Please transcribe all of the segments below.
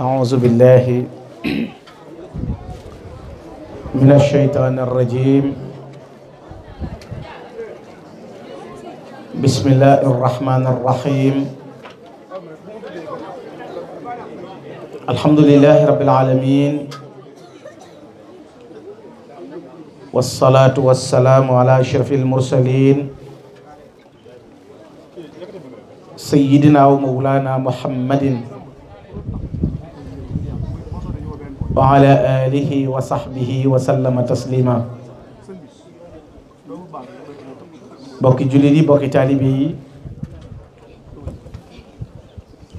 أعوذ بالله من الشيطان الرجيم بسم الله الرحمن الرحيم الحمد لله رب العالمين والصلاة والسلام على أشرف المرسلين سيدنا ومولانا محمد wa ala alihi wa sahbihi wa sallama taslima bokki jullit yi bokki taalibe yi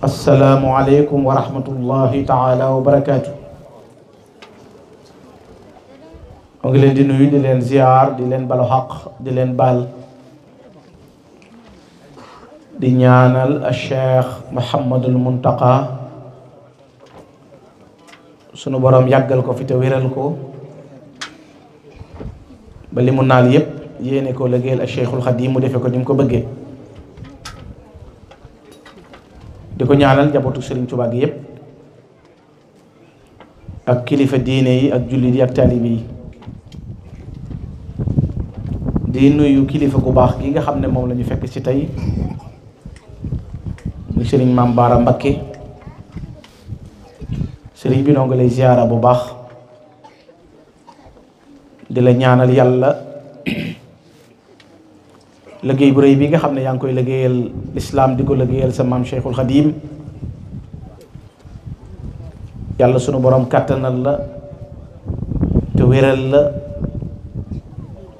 assalaamu aleykum wa rahmatullahi taala wa barakaatu mu ngi leen di nuyu di leen ziar di leen balu xaq di leen baal di ñaanal Cheikh Mouhamadul Muntaqa sunu boroom yàggal ko fi te wéral ko ba li naal yépp yéene ko liggéeyal ak Cheikhul Khadim mu defe ko ni mu ko bëggee di ko ñaanal njabootu sëriñ Touba gi yépp ak kilifa diine yi ak jullit yi ak taalibe yi di nuyu kilifa gu baax gi nga xam ne moom la fekk ci tey muy sëriñ Maam Baara Mbakke sëriñ bi noo ngi lay ziyaara bu baax di la ñaanal yàlla liggéey bu réy bi nga xam ne yaa ngi koy liggéeyal lislaam di ko liggéeyal sa maam Cheikhul Xadim yàlla sunu borom kàttanal la te wéral la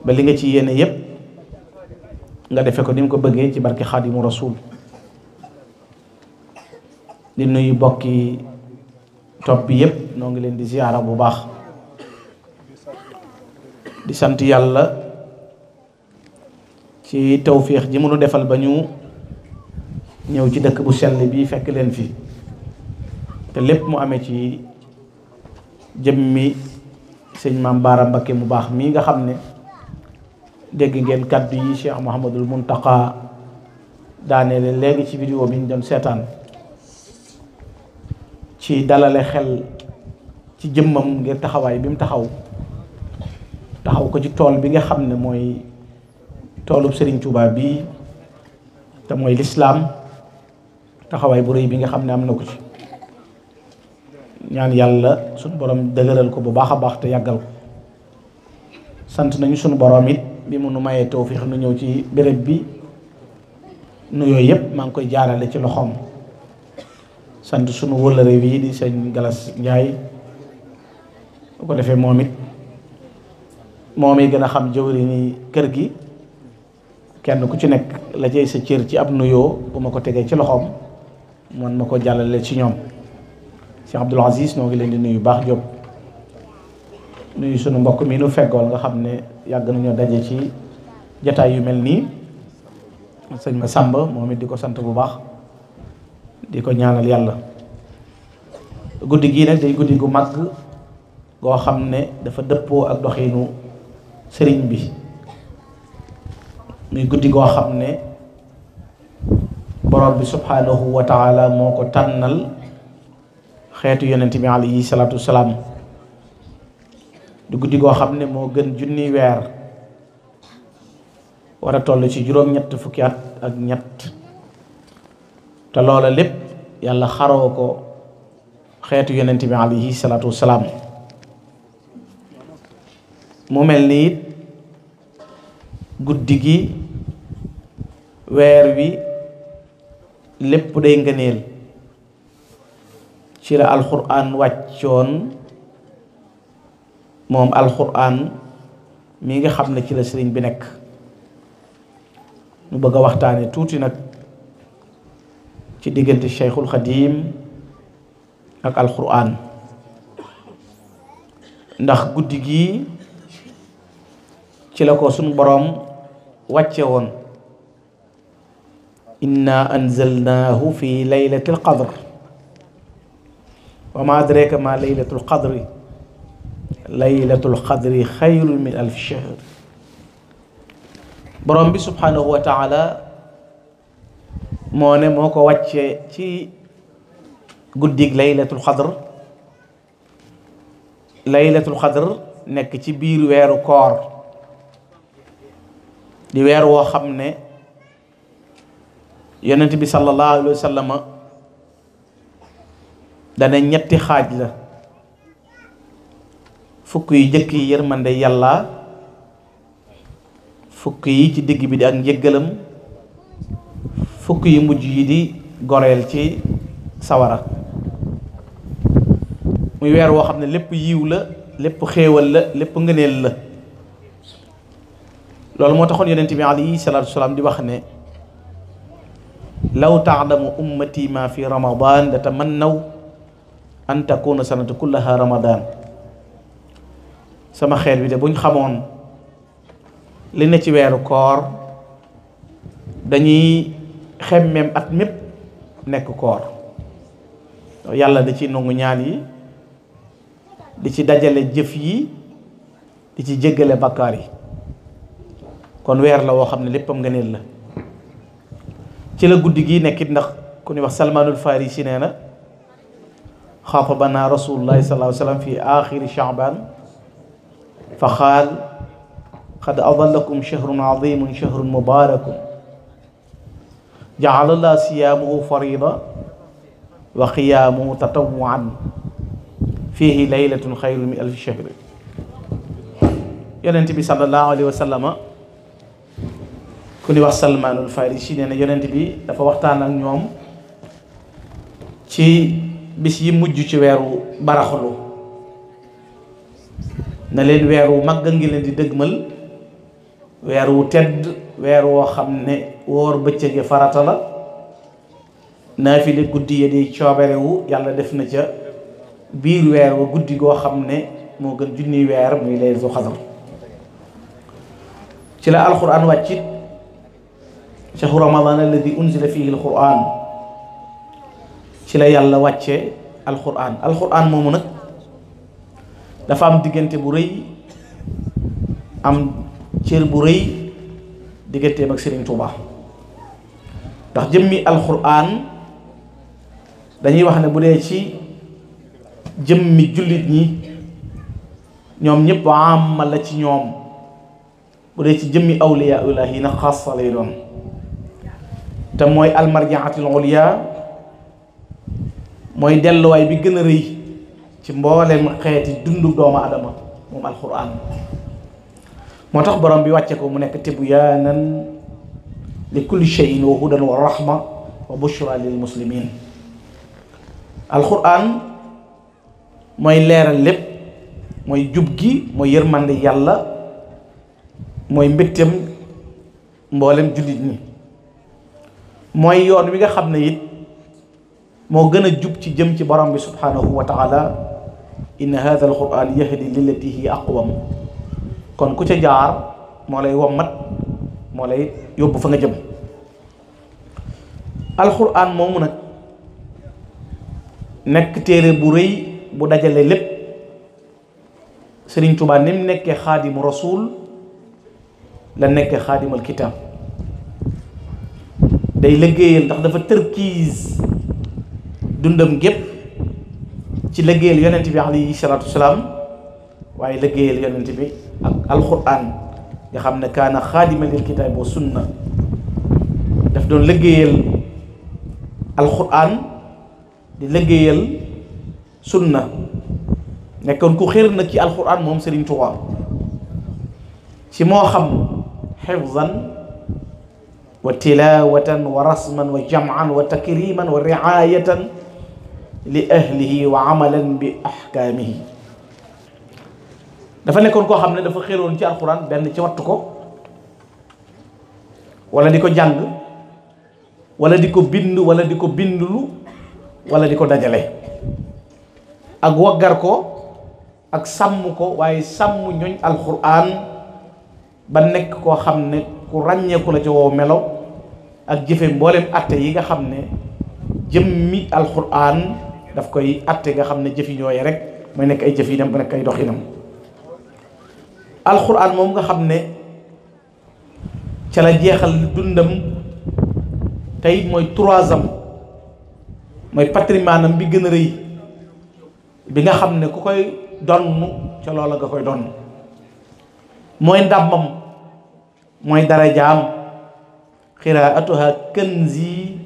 ba li nga ci yéene yépp nga defe ko ni mu ko bëggee ci barke Xaadimu Rasuul di nuyu bokki topp bi yëpp noo ngi leen di ziyaara bu baax di sant yàlla ci tawféex ji mënu defal ba ñu ñëw ci dëkk bu sell bi fekk leen fi te lépp mu amee ci jëmmi sëñ maam Baara Mbakke mu baax mii nga xam ne dégg ngeen kàddu yi Cheikh Mouhamadul Muntaqa daaneel léegi ci vidéo bi ñu doon seetaan ci dalale xel ci jëmmam ngir taxawaay bi mu taxaw taxaw ko ci tool bi nga xam ne mooy toolub sëriñ Touba bii te mooy lislaam taxawaay bu rëy bi nga xam ne am na ko ci ñaan yàlla suñu borom dëgëral ko bu baax a baax te yàggal ko sant nañu sunu borom it bi mu nu mayee tawfiix nu ñëw ci béréb bi nu yooyu yëpp maa ngi koy jaarale ci loxoom. sant sunu wëllëre bii di sëñ Galas Njaay bu ko defee moom it moom it gën a xam jëwri nii kër gi kenn ku ci nekk la cay sa cër ci ab nuyoo bu ma ko tegee ci loxoom man ma ko jàllale ci ñoom Cheikh Abdoul Aziz noo ngi leen di nuyu baax Jóob nuyu sunu mbokk mi nu feggool nga xam ne yàgg nañoo daje ci jataay yu mel nii sëñ ma Sàmba moom it di ko sant bu baax di ko ñaanal yàlla guddi gii nag day guddi gu mag goo xam ne dafa dëppoo ak doxinu sëriñ bi muy guddi goo xam ne borom bi subhanahu wa moo ko tànnal xeetu yonent bi alayhi salaatu wasalaam di guddi goo xam ne moo gën junni weer war a toll ci juróom-ñett fukki ak ñett te loola lépp yàlla xaroo ko xeetu yonent bi alayhi salaatu wasalaam mu mel ni it guddi gi weer wi lépp day ngëneel ci la alxuraan wàccoon moom alxuraan mi nga xam ne ci la sëriñ bi nekk mu bëgg a waxtaane tuuti nag ci diggante Cheikhul Xadim ak alquran ndax guddi gi ci la ko sunu boroom wàcce woon inna anzalnaahu fi laylatil qadr wa ma adraka ma laylatul qadri laylatul min alfi shahr boroom bi subhanahu wa taala moo ne moo ko wàccee ci guddig laylatul xadr laylatul xadr nekk ci biir weeru koor di weer woo xam ne yonent bi sallallahu alayhi wa dana ñetti xaaj la fukk yu jëkk yi yërmande yàlla fukk yi ci digg bi di ak njëggalam fukk yu mujj yi di goreel ci sawara muy weer woo xam ne lépp yiw la lépp xéewal la lépp ngëneel la loolu moo taxoon yonent bi alayhi salaatu wasalaam di wax ne law taalamu ummati ma fi ramadan latamannaw an takuna sanata kullaha ramadan sama xeet bi de buñ xamoon li ne ci weeru koor dañuy xemmeem at mépp nekk koor yàlla da ci nangu ñaan yi di ci dajale jëf yi di ci jéggale bakkaar yi kon weer la woo xam ne léppam nga neen la ci la guddi gi nekkit ndax ku ñuy wax salmaanul farisi nee na xaatabana ba sallallahu alayhi wa sallam fi axiri chaaban fa xaal qad adallakum chahrun azimun chahrun mubarakun jaalala siyaamuhu farida wa qiyaamuhu tatawuan fihi laylatun xayru min alfi shahri yonent bi sallallahu alayhi wa ku ni wax salmaanul farisi nee na yonent bi dafa waxtaan ak ñoom ci bis yi mujj ci weeru baraxlu na leen weer wu mag a ngi leen di dëgmal weer wu tedd weer woo xam ne woor bëccëg yi farata la naafile guddi ya di coobarewu yàlla def na ca biir weer wa guddi goo xam ne moo gën junni weer muy laylatul xadar ci la alquran wàccit shahru ramadan alladi unzila fihi alquran ci la yàlla wàcce alquran alquran moomu nag dafa am diggante bu rëy am cër bu rëy digganteem ak Serigne Touba ndax jëmmi alxuraan dañuy wax ne bu dee ci jëmmi jullit ñi ñoom ñëpp àmma la ci ñoom bu dee ci jëmmi awliyaa ulaahi na xaasa lay doon te mooy almarjaatil ulyaa mooy delluwaay bi gën a rëy ci mbooleem xeeti dundu doomu adama moom alxuraan moo tax borom bi wàcce ko mu nekk tibuyaanan li kulli shay'in wa hudan wa rahma wa bushra lil muslimin alquran mooy leeral lépp mooy jub gi mooy yërmande yàlla mooy mbégteem mboolem jullit ñi mooy yoon wi nga xam ne it moo gën a jub ci jëm ci borom bi subhanahu wa taala inna hadha alquran yahdi ti hi aqwam kon ku ca jaar moo lay wommat moo lay yóbbu fa nga jëm alxuraan moomu nag nekk téere bu rëy bu dajale lépp Sëriñ Tuubaa ni mu nekkee xaadimu rasuul la nekkee xaadimal kitaab day liggéeyal ndax dafa tërkiis dundam gépp ci liggéeyal yonent bi alayhi salaatu wasalaam waaye liggéeyal yonent bi ak alxuraan nga xam ne kaana xaadima lil kitaab wa sunna daf doon liggéeyal alquran di liggéeyal sunna nekkoon ku xér nag ci alquran moom Sëriñ Tuubaa ci moo xam xifzan wa tilawatan wa rasman wa jam'an wa takriman wa riayatan li ahlihi wa amalan bi ahkaamihi dafa nekkoon koo xam ne dafa xéroon ci alxuraan benn ci wattu ko wala di ko jàng wala di ko bind walla di ko bindlu walla di ko dajale ak waggar ko ak sàmm ko waaye sàmm ñooñ alxuraan ba nekk koo xam ne ku ràññeeku la ci wow melo ak jëfe mboolem atte yi nga xam ne jëmmi alxuraan daf koy atte nga xam ne jëfi ñooye rek mooy nekk ay jëf yi dem ba nekk ay doxinam alxuraan moom nga xam ne ca la jeexal dundam tey mooy trois ans mooy patrimoine bi gën a rëy bi nga xam ne ku koy donn ca loola nga koy donn mooy ndàmmam mooy darajaam xiraatuha kanzi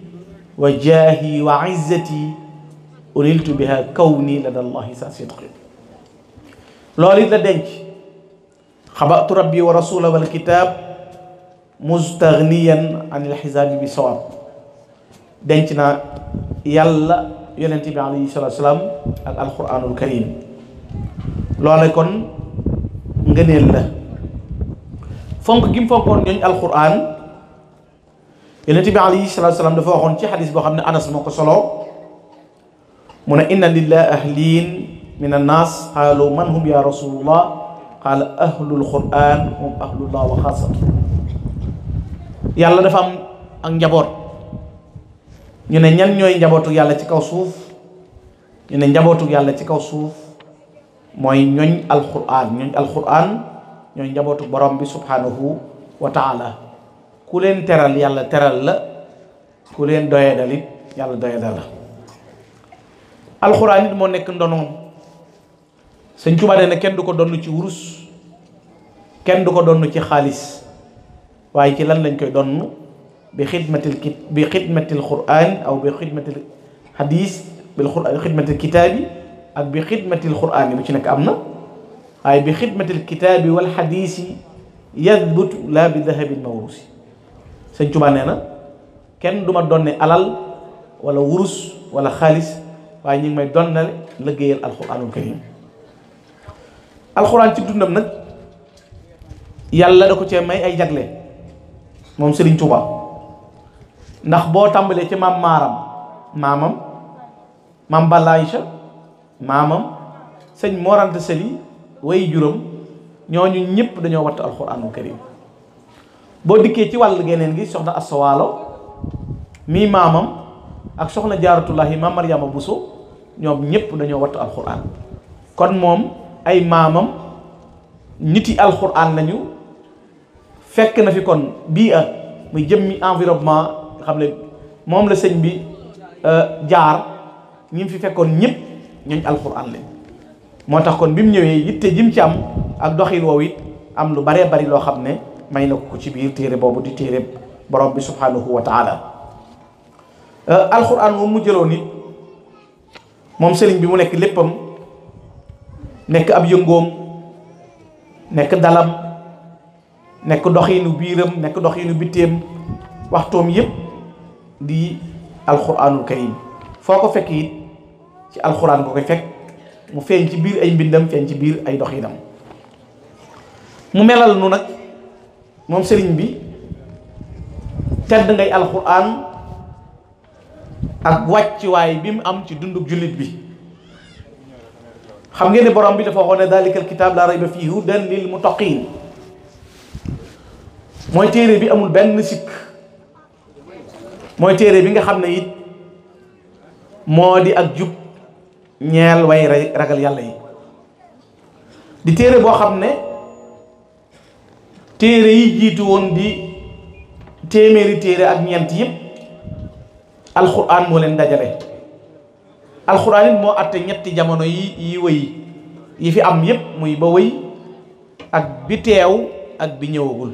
wa jaahi wa izzati uniltu biha kawni ladallahi sa sidqi loolu it la denc xabatu rabbi wa rasula wal kitab mustaghniyan an ilxisaabi bi sawab denc naa yàlla yonente bi alayhi salatu salaam ak alquranul karim loole kon ngëneel la fonk gi mu fonkoon ñooñ alquran yonente bi alayhi salatu salaam dafa waxoon ci xadis boo xam ne anas moo ko solo mu ne inna lillahi ahliin min annaas xaalu man hum ya rasulullah xaala ahlul quran hum ahlullah wa xaasatu yàlla dafa am ak njaboot ñu ne ñan ñooy njabootu yàlla ci kaw suuf ñu ne njabootu yàlla ci kaw suuf mooy ñooñ alquran ñooñ alquran ñooy njabootu borom bi subhanahu wa taala ku leen teral yàlla teral la ku leen doyee dalit yàlla doyee dal moo nekk ndonoon sëñ Tuubaa na kenn du ko donn ci wurus kenn du ko donn ci xaalis waaye ci lan lañ koy donn bi xidmatil ki bi xidmatil quraan aw bi xidmatil hadis bil quraan kitaabi ak bi xidmatil quraan yi bu ci nekk am na waaye bi xidmatil kitaabi wal hadis yi yadbutu laa bi dahabin mawrusi sëñ Tuubaa nee na kenn duma ma alal wala wurus wala xaalis waaye ñu ngi may donnale liggéeyal alquraanul karim alxuraan ci dundam nag yàlla da ko cee may ay jagle moom Serigne Touba ndax boo tàmbalee ci maam maaram maamam maam Balla maamam sëñ Morante Seli way juróom ñooñu ñëpp dañoo wattu alxuraanul karim boo dikkee ci wàll geneen gi soxna Assawaalo mii maamam ak soxna Jaaratullahi maam bu Bousso ñoom ñëpp dañoo wattu alxuraan kon moom. ay maamam niti alxuraan lañu fekk na fi kon bii a muy jëmmi environnement xam ne moom la sëñ bi euh, jaar ñi fi fekkoon ñëpp ñooñ alxuraan lañ moo tax kon bi mu ñëwee yitte jim ci am ak doxin woow it am lu baree bari loo xam ne may na ko ci biir téere boobu di téere borom bi subhanahu wa taala euh, alxuraan moom mu jëloo it moom sëriñ bi mu nekk léppam nekk ab yëngoom nekk dalam nekk doxiinu biiram nekk doxiinu bitteem waxtoom yépp di alxuraanul karim foo ko fekk it ci alxuraan ko koy fekk mu feeñ ci biir ay mbindam feeñ ci biir ay doxiinam mu melal nu nag moom sëriñ bi tedd ngay alxuraan ak wàccuwaay bi mu am ci dunduk jullit bi xam ngeen ne borom bi dafa waxoon ne dalikal kitaab laa rayba fiihi hudan lil muttaqin mooy téere bi amul benn sikk mooy téere bi nga xam ne it moo di ak jub ñeel way ragal yàlla yi di téere boo xam ne téere yi jiitu woon di téeméeri téere ak ñeent yëpp alxuraan moo leen dajale alxuraan it moo atte ñetti jamono yi yi wëy yi fi am yépp muy ba wëy ak bi teew ak bi ñëwagul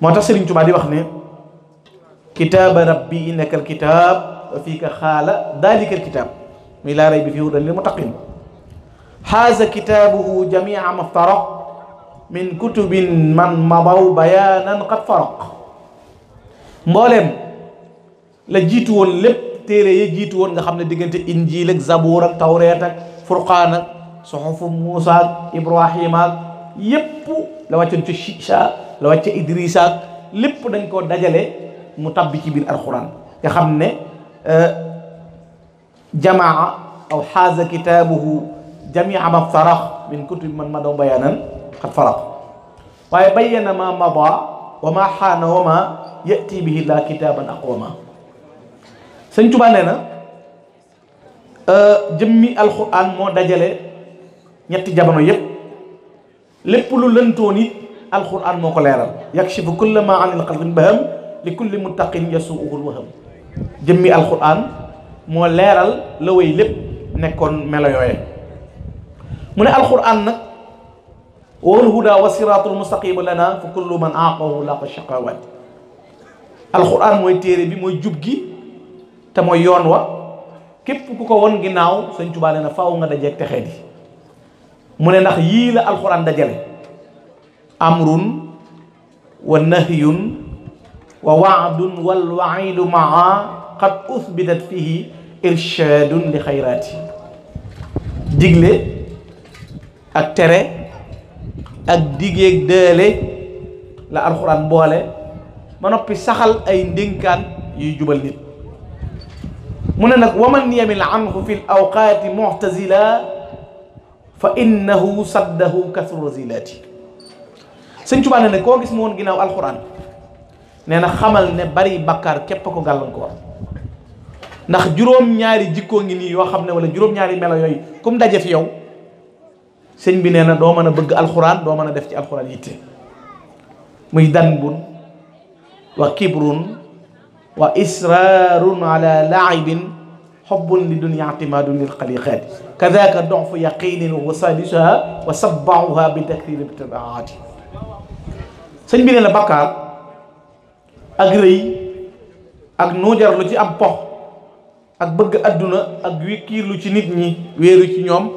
moo tax Sëriñ Tuubaa di wax ne kitaaba rabbi innaka alkitaab wa fiika xaala dalika alkitaab muy laa rayba fiihi hudan lil muttaqiin haaza kitaabuhu jamiica maftaraq min kutubin man madaw bayaanan qad faraq mbooleem la jiitu lépp téere yi jiitu woon nga xam ne diggante injiil ak zabuur ak tawreet ak furqaan ak ca Chicha la wàcc ca Idrissa ak lépp dañ koo dajale mu tabbi ci biir alxuraan nga xam ne euh, jamaa aw xaaza kitaabuhu jamia ma farax min kutubi man ma daw bayaanan xat farax waaye ma mada wa ma xaana wa yati bihi la aqwama sëñ Tuubaa na euh, jëmmi alxuraan moo dajale ñetti jamono yépp lépp lu lëntoon it alxuraan moo ko leeral yakshifu kulla ma anil qalbin baham li kulli muttaqin yasuuhul waham jëmmi alxuraan moo leeral la way lépp nekkoon melo mu ne alxuraan nag wal huda wa siraatul mustaqim lana fa kullu man aaqahu laqa shaqawat alxuraan mooy téere bi mooy jub gi te mooy yoon wa képp ku ko won ginnaaw sëñ Tuubaa na faw nga dajeeg texee di mu ne ndax yii la alxuraan dajale amrun wa nahyun wa waadun wal waidu maa qad usbitat fihi irshadun li xayraati digle ak tere ak digéeg dële la alxuraan boole ba noppi saxal ay ndénkaan yuy jubal nit mu ne nag waman yamil anhu fi l awqaati mu'tazila fa innahu saddahu kasru razilaati sëñ Tuubaa ne ne koo gis mu woon ginnaaw alxuraan nee na xamal ne bari bakkaar képp ko gàllankoor ndax juróom-ñaari jikkoo ngi nii yoo xam ne wala juróom-ñaari melo yooyu kum daje fi yow sëñ bi nee na doo mën a bëgg alxuraan doo mën a def ci alxuraan yitte muy danbun wa kibrun wa israarun ala laibin xubbun li dunia timaadun lil xaliqaati kadaka dox fu yaqinin wa sadisuha wa sabbauha bi takriri bi tabaati sëñ bi ne la bakkaar ak rëy ak nuujar lu ci am pox ak bëgg adduna ak wikiirlu ci nit ñi wéeru ci ñoom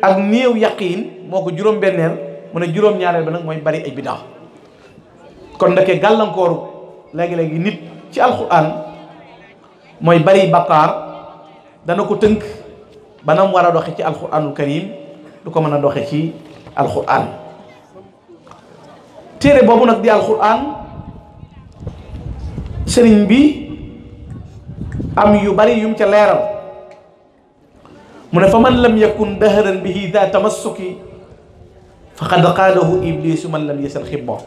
ak néew yaqiin moo ko juróom-benneel mu ne juróom ba nag mooy bari ay bidaa kon ndeke gàllankooru léegi-léegi nit ci alxuraan mooy bari bàkkaar dana ko tënk banam war a doxe ci alxuraanul karim du ko mën a doxe ci alxuraan téere boobu nag di alxuraan sëriñ bi am yu bari yum ci leeral mu ne fa man lam yakun dahran bihi daa tamassuki faqad qaadahu iblisu man lam yasal xibbo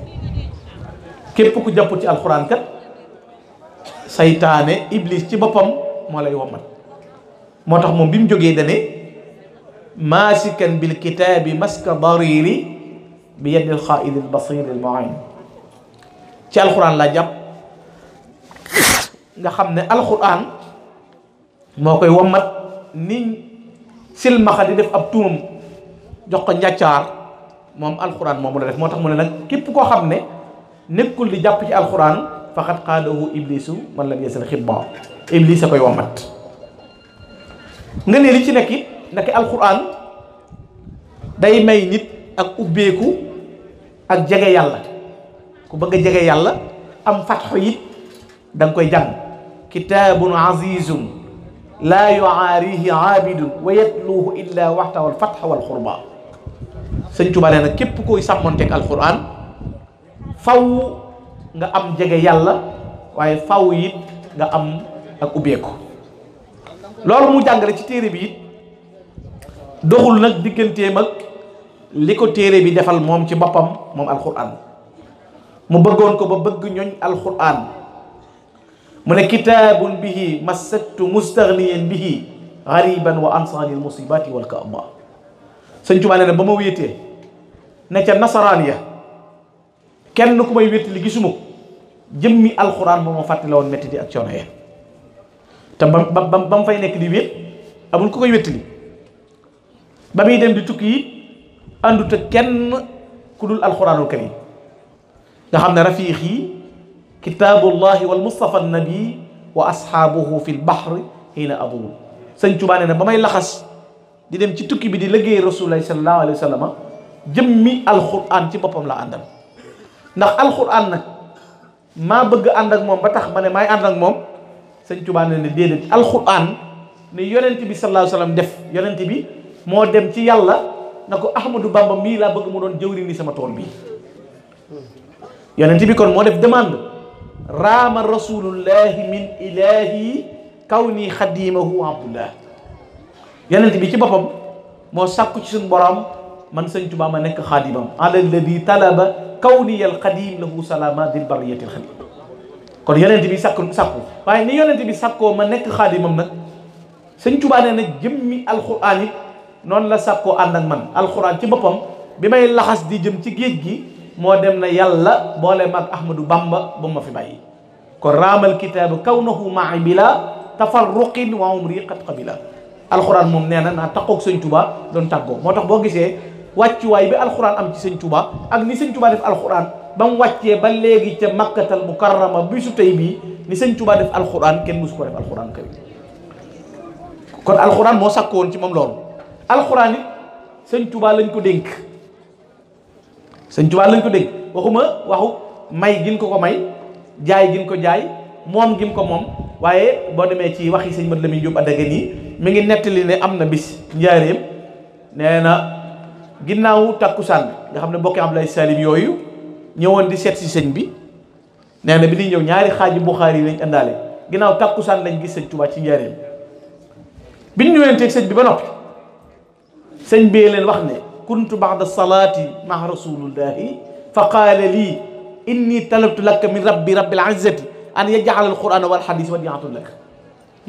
képp ku jàppul ci alxuraan kat saytaane iblis ci boppam moo lay wommat moo tax moom bi mu jógee dane maasikan bil kitaabi maska dariri bi yadil xaaidi al basiri al muin ci alxuraan laa jàpp nga xam ne alxuraan moo koy wommat ni silmaxa di def ab tuumam jox ko njàccaar moom alxuraan moomu la def moo tax mu ne nag képp koo xam ne nekkul di jàpp ci alxuraan faqat xaalahu iblisu man lam yasal xibba iblis a koy wambat nga ne ci nekk it ndeke alxuraan day may nit ak ubbeeku ak jege yàlla ku bëgg a jege yàlla am fatxo it da koy jàng kitaabun azizun laa yuaarihi aabidun wa yatluuhu illa waxta wal fatxa wal xurba sëñ Tuubaa na képp koy sàmmonteeg alxuraan faw nga am jege yàlla waaye faw it nga am ak ubbeeku loolu mu jàngale ci téere bi it doxul nag digganteem ak li ko téere bi defal moom ci boppam moom alxuraan mu bëggoon ko ba bëgg ñoñ alxuraan mu ne kitaabun bihi masattu mustaghniyan bihi gariban wa ansaanil musibaati wal kaama sëñ Tuubaa nee ba ma wéetee ne ca nasaraan ya kenn ku may wéttali gisuma ko jëmmi alxuraan ba ma fàttali woon métti di ak coono yee te ba ba mu fay nekk di wét amul ku koy wéttali ba muy dem di tukki yi àndut kenn ku dul alxuraanul karim nga xam ne rafiix yi kitaabullahi wal mustafa nabi wa asxaabuhu fi lbahri xiina abul sëñ Tuubaa na ba may laxas di dem ci tukki bi di liggéey rasulullahi sallallahu alayhi wa sallam jëmmi alxuraan ci boppam laa àndal ndax alxuraan nag maa bëgg ànd ak moom ba tax ma ne maay ànd ak moom sëñ Tuubaa ne ne déedéet alxuraan ne yonent bi sallallahu alayhi wa def yonent bi moo dem ci yàlla na ko Ahmadou Bamba mii laa bëgg mu doon jëwri sama tool bi yonent kon moo def demande raama rasulullahi min ilahi kaw nii xadimahu abdullah yonent bi ci boppam moo sàkku ci suñu borom man sëñ Tuubaa ma nekk xaadimam alalladi talaba kawniya alqadim lahu salama dil bariyati alxadim kon yonent bi sakku sakku waaye ni yonent bi sakkoo ma nekk xaadimam nag sëñ Tuubaa nee na jëmmi alxuraan it noonu la sakkoo ànd ak man alxuraan ci boppam bi may laxas di jëm ci géej gi moo dem na yàlla boole mag Ahmadou Bamba ba ma fi bàyyi kon raamal kitaabu kawnahu ma'i bila tafarruqin wa umri qad qabila alxuraan moom nee na naa taqoog sëñ tubaa doon tàggoo moo tax boo gisee wàccuwaay bi alxuraan am ci sëñ Touba ak ni sëñ Touba def alxuraan ba mu wàccee ba léegi ca makkatal mukarrama bi su tey bii ni sëñ Touba def alxuraan kenn musu ko def alxuraan karim kon alxuraan moo sakkoon ci moom loolu alxuraan it sëñ Touba lañ ko dénk sëñ Touba lañ ko dénk waxuma waxu may gin ko ko may jaay gin ko jaay moom gin ko moom waaye boo demee ci waxi sëñ Mat Lamin Jóob Addaga nii mi ngi nettali ne am na bis njaareem ginnaaw takku bi nga xam ne bokki Abdoulaye Salim yooyu ñëwoon di set si sëñ bi nee na bi di ñëw ñaari xaaji Buxaari yi lañ àndaale ginnaaw takkusaan lañ gis sëñ Tuubaa ci njaareem biñ ñëwanteeg sëñ bi ba noppi sëñ bee leen wax ne kuntu ba'da salaati maa rasulillahi fa qaala lii inni talabtu laka min rabbi rabbil izzati an yaj'ala alqur'ana wal hadith wa di'atan lak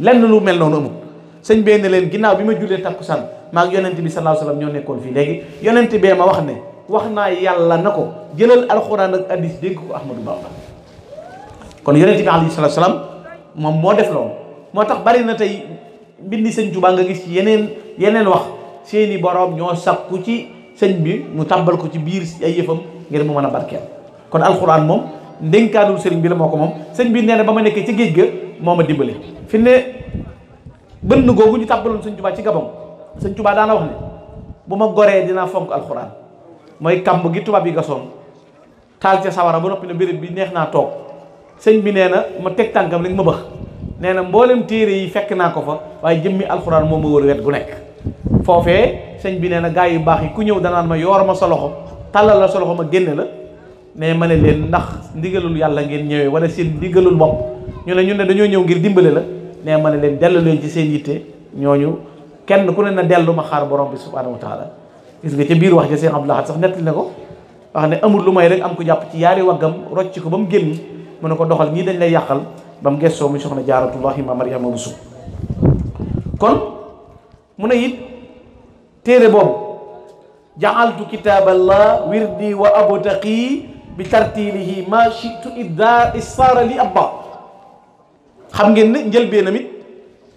lenn lu mel noonu amul sëñ bee ne leen ginnaaw bi ma jullee takkusaan maag yonent bi sallallahu alayhi wa ñoo nekkoon fii léegi yonent bee ma wax ne wax naa yàlla na ko jëlal alxuraan ak addis dégg ko Ahmadou Bamba kon yonent bi alayhi salatu salaam moom moo def loolu moo tax bari na tey mbindi sëñ jubaa nga gis yeneen yeneen wax seeni boroom ñoo sakku ci sëñ bi mu tàmbal ko ci biir ay yëfam ngir mu mën a barkeel kon alxuraan moom ndénkaanul sëriñ bi la moo ko moom sëñ bi nee na ba ma nekkee ci géej ga moo ma dimbale fi ne bënn ñu tàmbaloon sëñ Tuubaa ci gabam sëñ Tuubaa daana wax ne bu ma goree dinaa fonk alxuraan mooy kamb gi tubaab yi nga gasoon taal ca sawara ba noppi na béréb bi neex naa toog sëñ bi nee na ma teg tànkam rek ma bëx nee na mboolem téere yi fekk naa ko fa waaye jëmmi alxuraan moom ma wër wet gu nekk foofee sëñ bi nee na gaa yu baax yi ku ñëw danaan ma yoor ma sa loxo tàllal la sa loxo ma génne la ne ma ne leen ndax ndigalul yàlla ngeen ñëwee wala seen ndigalul bopp ñu ne ñu ne dañoo ñëw ngir dimbale la ne ma ne leen dellu leen ci seen yitte ñooñu kenn ku ne na dellu ma xaar borom bi subhanahu wa taala gis nga ca biir wax ja seen Abdul Ahad sax nettali ne ko wax ne amul lu may rek am ko jàpp ci yaari waggam rocc ko ba mu génn mu ne ko doxal ñii dañ lay yàqal ba mu gessoo mu soxna jaaratullahi ma Maryama Busu kon mu ne it téere boobu jaaltu kitaaballah wirdi wa abtaqi bi tartilihi ma shitu idda daa li abba xam ngeen ne njëlbeenam it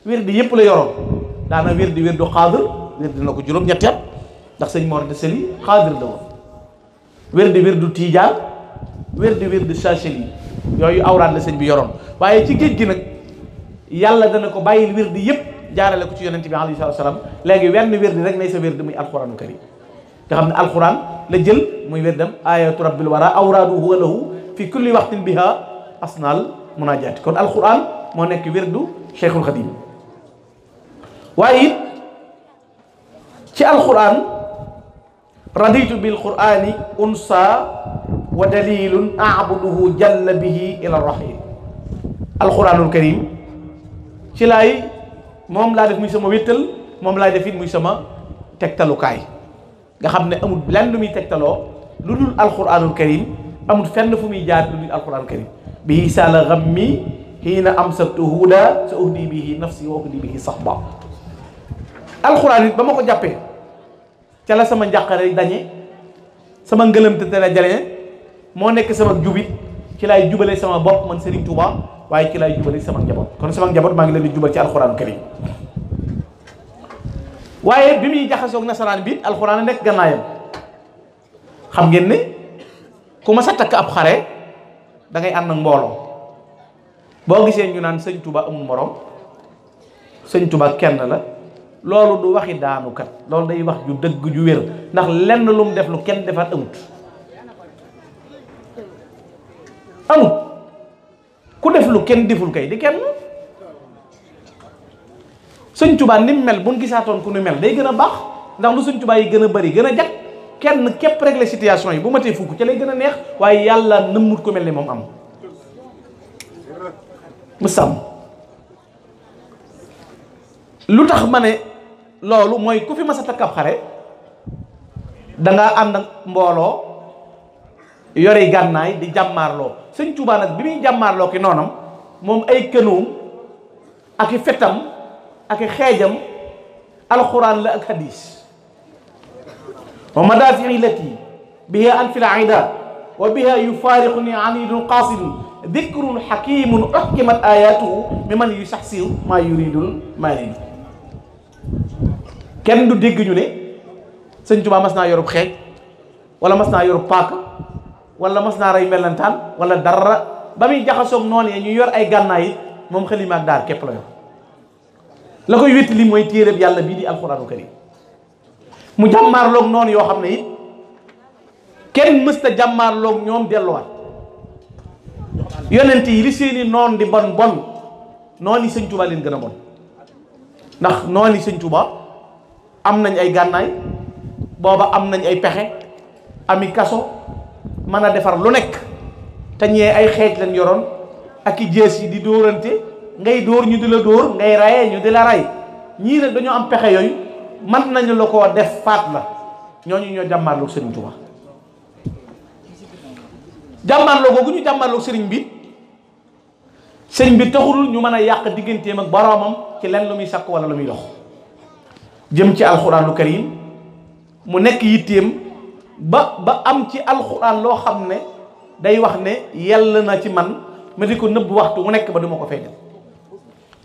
wirdi yépp la yoroon daana wér di wér du xaadir wér di na ko juróom ñetti at ndax sëñ Mor de Seli xaadir la woon wér di wér du tiijaan wér yooyu awraan la sëñ bi yoroon waaye ci géej gi nag yàlla dana ko bàyyil wér di yëpp jaarale ko ci yonent bi alayhi salaatu salaam léegi wenn wér di rek nay sa wér di muy alxuraanu karim nga xam ne alxuraan la jël muy wér dem ayatu rabbil wara awraadu huwa lahu fi kulli bi biha asnaal munaajaati kon alxuraan moo nekk wér du cheikhul xadim waaye it ci alquran raditu bil qurani unsa wa dalilun abuduhu jalla bihi ila rahim alquranul karim ci lay moom laa def muy sama wéttal moom laay def it muy sama tegtalukaay nga xam ne amul lenn lu muy tegtaloo lu dul alquranul karim amul fenn fu muy jaar lu dul alquranul karim bihi saala gammi hiina amsaktu huda sa uhdi bihi nafsi wa uhdi bihi sahba alxuraan it ba ma ko jàppee ca la sama njàqare dañe sama ngëlëmte te la jaleñe moo nekk sama jubit ci laay jubale sama bopp man Serigne Touba waaye ci laay jubale sama njaboot kon sama njaboot maa ngi leen di jubal ci alxuraan karim waaye bi muy jaxasoog nasaraan bi alxuraan a nekk gannaayam xam ngeen ne ku ma sa takk ab xare dangay ngay ànd ak mbooloo boo gisee ñu naan sëñ Touba amul morom sëñ Touba kenn la loolu du waxi daanukat loolu day wax ju dëgg ju wér ndax lenn lu mu def lu kenn defaat amut amut ku def lu kenn deful kay di kenn Sëñ Tuubaa ni mu mel bu nu gisaatoon ku nu mel day gën a baax ndax lu suñ Tuubaa yi gën a bari gën a jat kenn képp régler situation yi bu matee fukk ci lay gën a neex waaye yàlla nëmmut ku mel ni moom am mu sàmm lu tax ma ne loolu mooy ku fi mas a xare dangaa ànd ak mbooloo yore gànnaay di jàmmaarloo sëñ Tuubaa nag bi muy jàmmaarloo ki noonam moom ay kënuum ak i fetam ak xeejam alxuraan la ak hadis wa madaafi illati biha anfil aida wa biha yufaariquni anidun qaasidun dikrun xakimun uhkimat ayatuhu mi man yu saxsiw maa yuridul maa kenn du dégg ñu ne sëñ mas naa yorub xeej wala mas naa yorub paaka wala mas naa rey melentaan wala dara ba muy jaxasoog noon ya ñu yor ay gànnaay yi moom xalima daar képp la yor la koy wétti li mooy téeréb yàlla bii di alxuraanu karim mu jàmmaarloog noonu yoo xam ne it kenn mësta jàmmaarloog ñoom delluwaat yonent yi li seeni noon di bon bon noon yi sëñ Tuubaa leen gën a bon ndax noon yi am nañ ay gànnaay booba am nañ ay pexe ami kaso mën a defar lu nekk te ñee ay xeej lañ yoroon ak i jees yi di dóorante ngay dóor ñu di la dóor ngay rayee ñu di la ray ñii nag dañoo am pexe yooyu man nañu la ko def faat la ñooñu ñoo jàmmaarloog Serigne Touba jàmmaarloo googu ñu jàmmaarloog Serigne bi Serigne bi taxul ñu mën a yàq digganteem ak boroomam ci lenn lu muy sakk wala lu muy dox. jëm ci alxuraanu karim mu nekk yitteem ba ba am ci alxuraan loo xam ne day wax ne yàlla na ci man ma di ko nëbb waxtu mu nekk ba du ma ko feeñal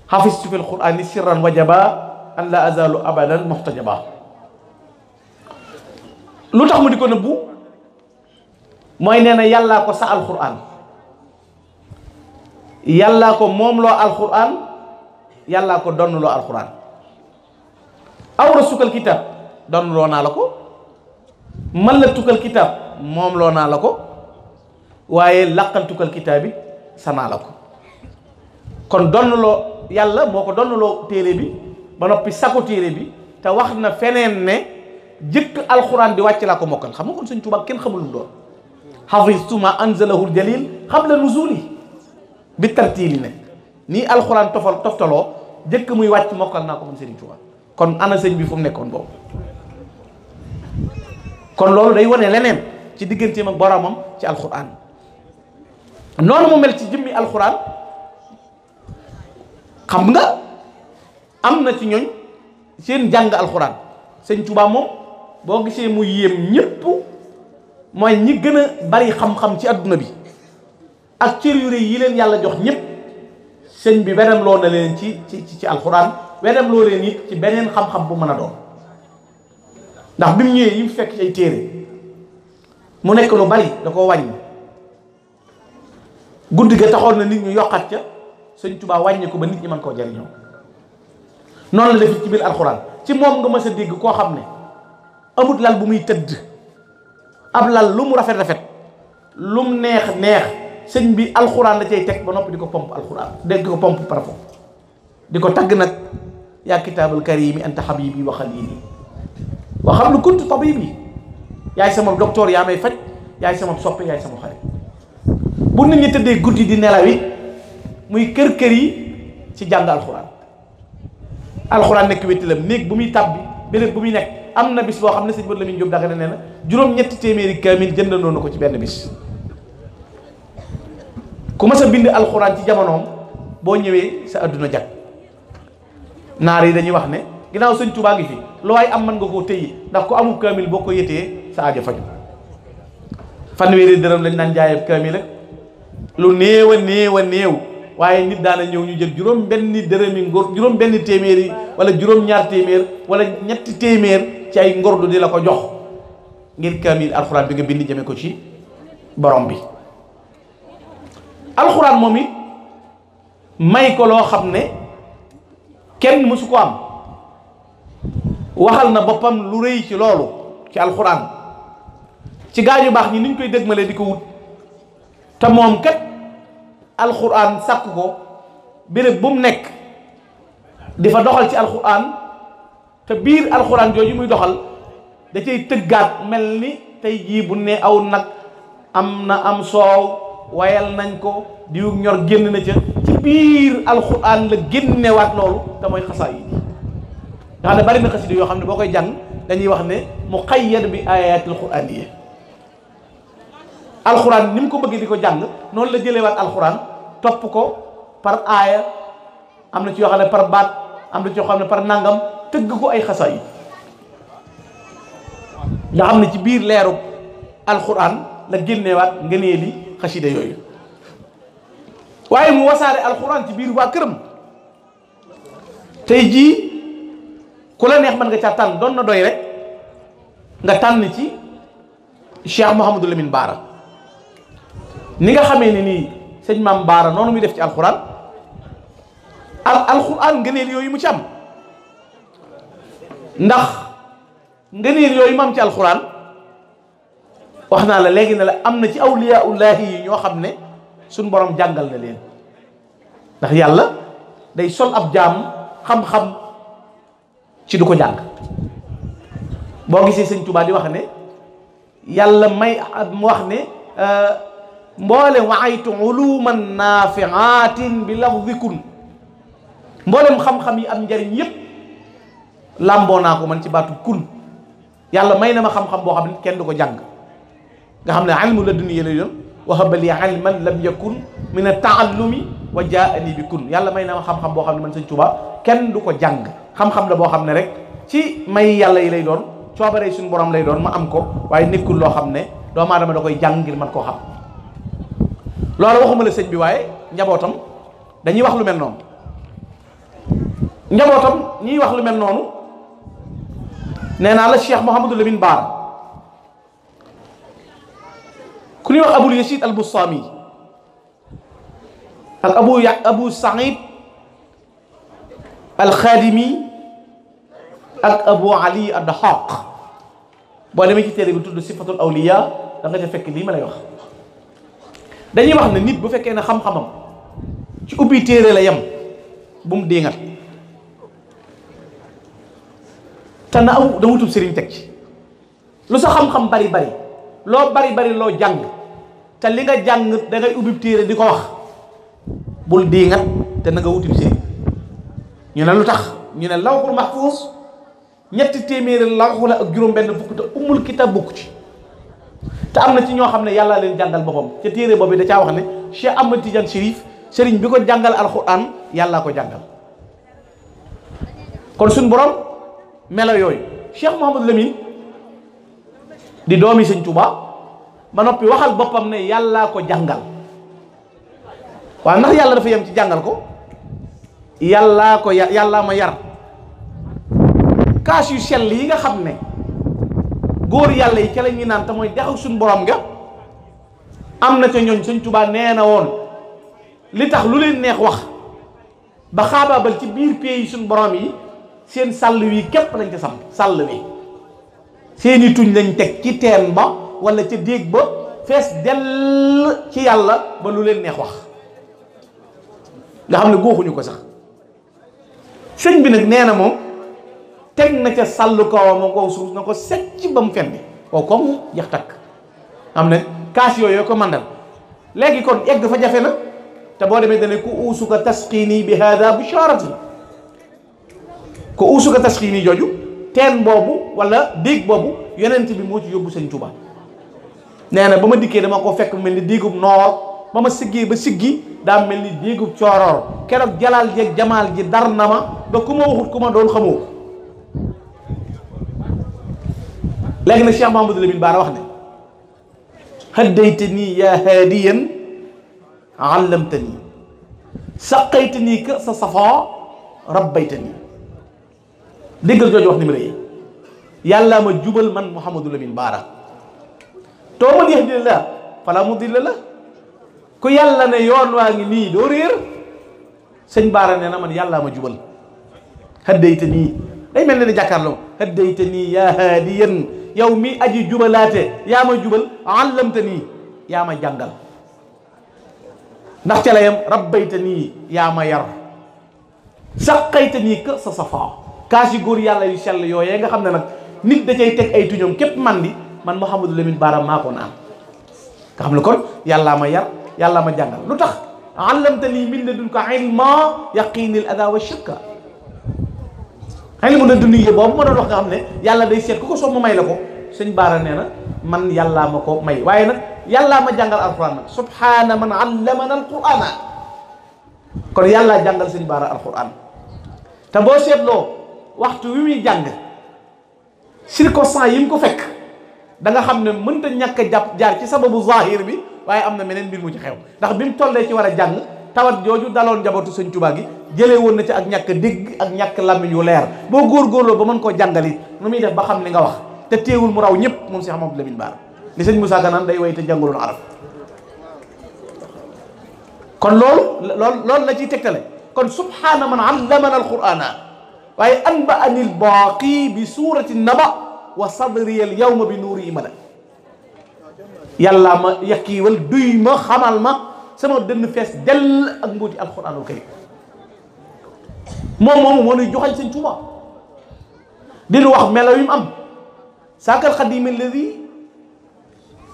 xafistu fil quraani sirran wajaba an la azalu abadan muxtajaba lu tax mu di ko nëbbu mooy nee na yàllaa ko sa alxuraan yàllaa ko moom loo alxuraan yàllaa ko donn loo alxuraan awra sukkal kitaab donn loo naa la ko man la tukkal kitaab moom loo naa la ko waaye laqal tukkal kitaab bi sanaa la ko kon donn loo yàlla moo ko donn loo téere bi ba noppi sako téere bi te wax na feneen ne jëkk alxuraan di wàcc laa ko mokkal xam nga kon Sëñ Tuubaa kenn xamul lu doon xafistu ma anzalahul jalil qabla nuzuli bi tartiili ne nii alxuraan tofal toftaloo jëkk muy wàcc mokkal naa ko man Sëriñ Tuubaa kon ana sëñ bi fu mu nekkoon boobu kon loolu day wane leneen ci diggante ak boromam ci alxuraan noonu mu mel ci jëmmi alxuraan xam nga am na ci ñooñ seen jàng alxuraan sëñ Tuubaa moom boo gisee mu yéem ñëpp mooy ñi gën a bari xam-xam ci àdduna bi ak cër yu rëy yi leen yàlla jox ñëpp sëñ bi beneen loo na leen ci ci ci alxuraan. weddam loo yi ci beneen xam-xam bu mën a doon ndax bi mu ñëwee yi mu fekk ay téere mu nekk lu bari da koo wàññi guddi ga taxoon na nit ñu yokkat ca sëñ Tuubaa wàññi ko ba nit ñi man koo jariñoo noonu la def ci biir alxuraan ci moom nga mës a dégg koo xam ne amut lal bu muy tëdd ab lal lu mu rafet rafet lu mu neex neex sëñ bi alxuraan la cay teg ba noppi di ko pomp alxuraan dégg ko pomp par di ko tagg nag yaa kitaabal karimi anta habibi wa xalili wa xam lu kuntu tabibi yaay sama docteur yaa may faj yaay sama sopp yaay sama xarit bu nit ñi tëddee guddi di nelaw muy kër kër yi ci jàng alxuraan alxuraan nekk wéttalam néeg bu muy tàbbi béréb bu muy nekk am na bis boo xam ne sëñ bët la muy jóob daga ne nee na juróom ñetti téeméeri kaamil jëndandoo na ko ci benn bis ku mas a bind alxuraan ci jamonoom boo ñëwee sa àdduna jag naar yi dañuy wax ne ginnaaw sëñ Tuubaa ngi fi loo waay am man nga koo téye ndax ku amul kaamil boo ko yëtee sa aajo faju fanweeri dërëm lañ naan jaayab kaamil ak lu néew a néew a néew waaye nit daana ñëw ñu jël juróom benn dërëmi ngor juróom benn téeméer yi wala juróom ñaar téeméer wala ñetti téeméer ci ay ngordu di la ko jox ngir kaamil alxuraan bi nga bind jëme ko ci borom bi alxuraan moom it may ko loo xam ne kenn mësu ko am waxal na boppam lu rëy ci loolu ci alxuraan ci gaa yu baax ñi niñ koy dégmale di ko wut te moom kat alxuraan sàkku ko béréb bu mu nekk di doxal ci alxuraan te biir alxuraan jooju muy doxal da cay tëggaat mel ni tey jii bu ne aw nag am na am soow wayal nañ ko diw ñor génn na ca biir alxuraan la génnewaat loolu te mooy xasaayid yi nga xam ne bari na xasida yoo xam ne boo koy jàng dañuy wax ne mu xayyad bi ayatil quraan yi alxuraan ni mu ko bëggee di ko jàng noonu la jëlewaat alxuraan topp ko par aaya am na ci yoo xam ne par baat am na ci yoo xam ne par nangam tëgg ko ay xasaayid nga xam ne ci biir leeru alxuraan la génnewaat ngëneeli xasida yooyu waaye mu wasaare alxuraan ci biir waa këram tey jii ku la neex mën nga caa tànn doon na doy rek nga tànn ci Cheikh Mouhamadou Lamine Baara ni nga xamee ne nii sëñ maam Baara noonu muy def ci alxuraan al alxuraan ngëneel yooyu mu ci am ndax ngëneel yooyu mu am ci alxuraan wax naa la léegi ne la am na ci awliyaullahi yi ñoo xam ne. suñ boroom jàngal na leen ndax yàlla day sol ab jaam xam-xam ci du ko jàng boo gisee sëñ Tuubaa di wax ne yàlla may mu wax ne mboole euh, mboolem waaytu uluman naafiaatin bi lafdikun mboolem xam-xam yi am njariñ yépp làmboo naa ko man ci baatu kun yàlla may na ma xam-xam boo xam ne kenn du ko jàng nga xam ne ilmu la dunya la yoon wax a wahaba li ilman lam yakun min taallumi wa jaani bi kun yàlla may na ma xam-xam boo xam ne man sëñ Tuubaa kenn du ko jàng xam-xam la boo xam ne rek ci may yàlla yi lay doon coobare suñu borom lay doon ma am ko waaye nekkul loo xam ne doomu aadama da koy jàng ngir man koo xam loolu waxuma la sëñ bi waaye njabootam dañuy wax lu mel noonu njabootam ñiy wax lu mel noonu nee naa la Cheikh Mouhamadou Lamine Bara ku ñuy wax abul yasid al bustaami ak abu ya abu al xaadimi ak abu ali ad dahaq boo demee ci téere bi tudd sifatul awliya da nga ca fekk lii ma lay wax dañuy wax ne nit bu fekkee ne xam-xamam ci ubbi téere la yem bu mu déngat te na aw da wutub lu sa xam-xam bari bari loo bari bari loo jàng te li nga jàng da ngay ubbi téere di ko wax bul diingat te na nga wutim sëriñ ñu ne lu tax ñu ne law lawxul mahfuus ñetti téeméeri lawxu la ak juróom-benn fukk te umul kitab bukk ci te am na ci ñoo xam ne yàlla leen jàngal boppam ca téere boobu da caa wax ne Cheikh Ahmad Tidiane Chérif sëriñ bi ko jàngal alxuraan yàllaa ko jàngal kon suñ borom melo yooyu Cheikh Mouhamadou Lamine di doom yi sëñ tubaa ba noppi waxal boppam ne yàllaa ko jàngal waaw ndax yàlla dafa yem ci jàngal ko yàllaa ko ya yàllaa ma yar kaas yu sell yi nga xam ne góor yàlla yi ca la ñuy naan te mooy dexu suñ borom nga am na ca ñooñ sëñ Tuubaa nee na woon li tax lu leen neex wax ba xaabaabal ci biir pays yi suñ borom yi seen sàll wi képp lañ ca sam sàll wi seeni tuñ lañ teg ci teen ba wala ca déeg ba fees dell ci yàlla ba lu leen neex wax nga xam ne góoxuñu ko sax sëñ bi nag nee na moom teg na ca sàll kawam a kaw na ko secc ba mu fen bi waaw comme jax takk xam ne kaas yooyu ko mandal léegi kon egg fa jafe na te boo demee dana ku uusuka tasqini bi hada bisharati ko uusuka tasqini jooju teen boobu wala diig boobu yenent bi moo ci yóbbu sëñ Tuuba nee na ba ma dikkee dama ko fekk mel ni déegub noor ba ma siggee ba siggi daa mel ni déegub cooroor keroog jalaal jeeg jamaal ji dar na ma ba ku ma waxut ku ma doon xamoo léegi nag Cheikh Mahamadou Lamine Bara wax ne haddayta nii yaa haadiyan allamta nii saqayta nii ka sa safoo rabbayta nii déggal jooju wax ni mu rëy yàlla ma jubal man Mouhamadou Lamine Baara too man yahdillah fala mudilla la ku yàlla ne yoon waa ngi nii doo réer sëñ Baara nee na man yàlla ma jubal haddayta nii day mel ne ni jàkkaarloo haddayta nii yaa haadiyan yow mi aji jubalaate yaa ma jubal allamta nii yaa ma jàngal ndax ca yam rabbayta nii yaa ma yar saqayta nii ka sa safaa kaas yu góor yàlla yu sell yooyee nga xam ne nag nit da cay teg ay tuñoom képp man di man Mouhamadou Lamine Bara maa ko naan nga xam ne kon yàllaa ma yar yàllaa ma jàngal lu tax allamta lii min ladunka ilma yaqinil ada wa shakka xëy na mu ne nga xam ne yàlla day seet ko soob ma may la ko sëñ Baara nee na man yàllaa ma ko may waaye nag yàllaa ma jàngal alquran nag subhaana man allamana alqurana kon yàllaa jàngal sëñ Baara alquran te boo seetloo. waxtu wi muy jàng circonstance yi mu ko fekk da nga xam ne mënta ñàkk jàpp jaar ci sababu zahir bi waaye am na meneen biir mu ci xew ndax bi mu tollee ci war a jàng tawat jooju daloon njabootu sañ Tuubaa gi jëlee woon na ci ak ñàkk dégg ak ñàkk làmmiñ wu leer boo góorloo ba mën koo jàngali nu muy def ba xam li nga wax te teewul mu raw ñëpp moom si xamam Lamin Baara li sëñ Moussa Ganaan day way te jàngaloon arab kon loolu loolu loolu la ciy tegtale kon subhaana man allamana waaye an ba anil baaqi bi suurati naba wa sadriyal yawma bi nuuri imada yàlla ma yakkiiwal duy ma xamal ma sama dënn fees dell ak mbuuti alxuraanul karim moom moomu moo nuy joxañ sëñ Tuuba di wax melo yu mu am saakal xadiim alladi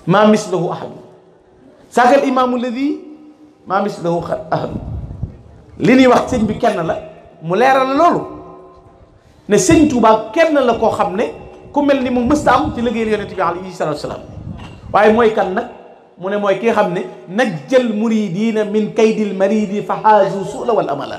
maa mislahu ahadu saakal imaamu alladi maa mislahu ahadu li wax sëñ bi kenn la mu leeral loolu ne sëñ Touba kenn la koo xam ne ku mel ni mu mësta am ci liggéeyal yonent bi alayhi salaatu wasalaam waaye mooy kan nag mu ne mooy kii xam ne najjal muridiina min kaydil maridi fa haazu la wal amala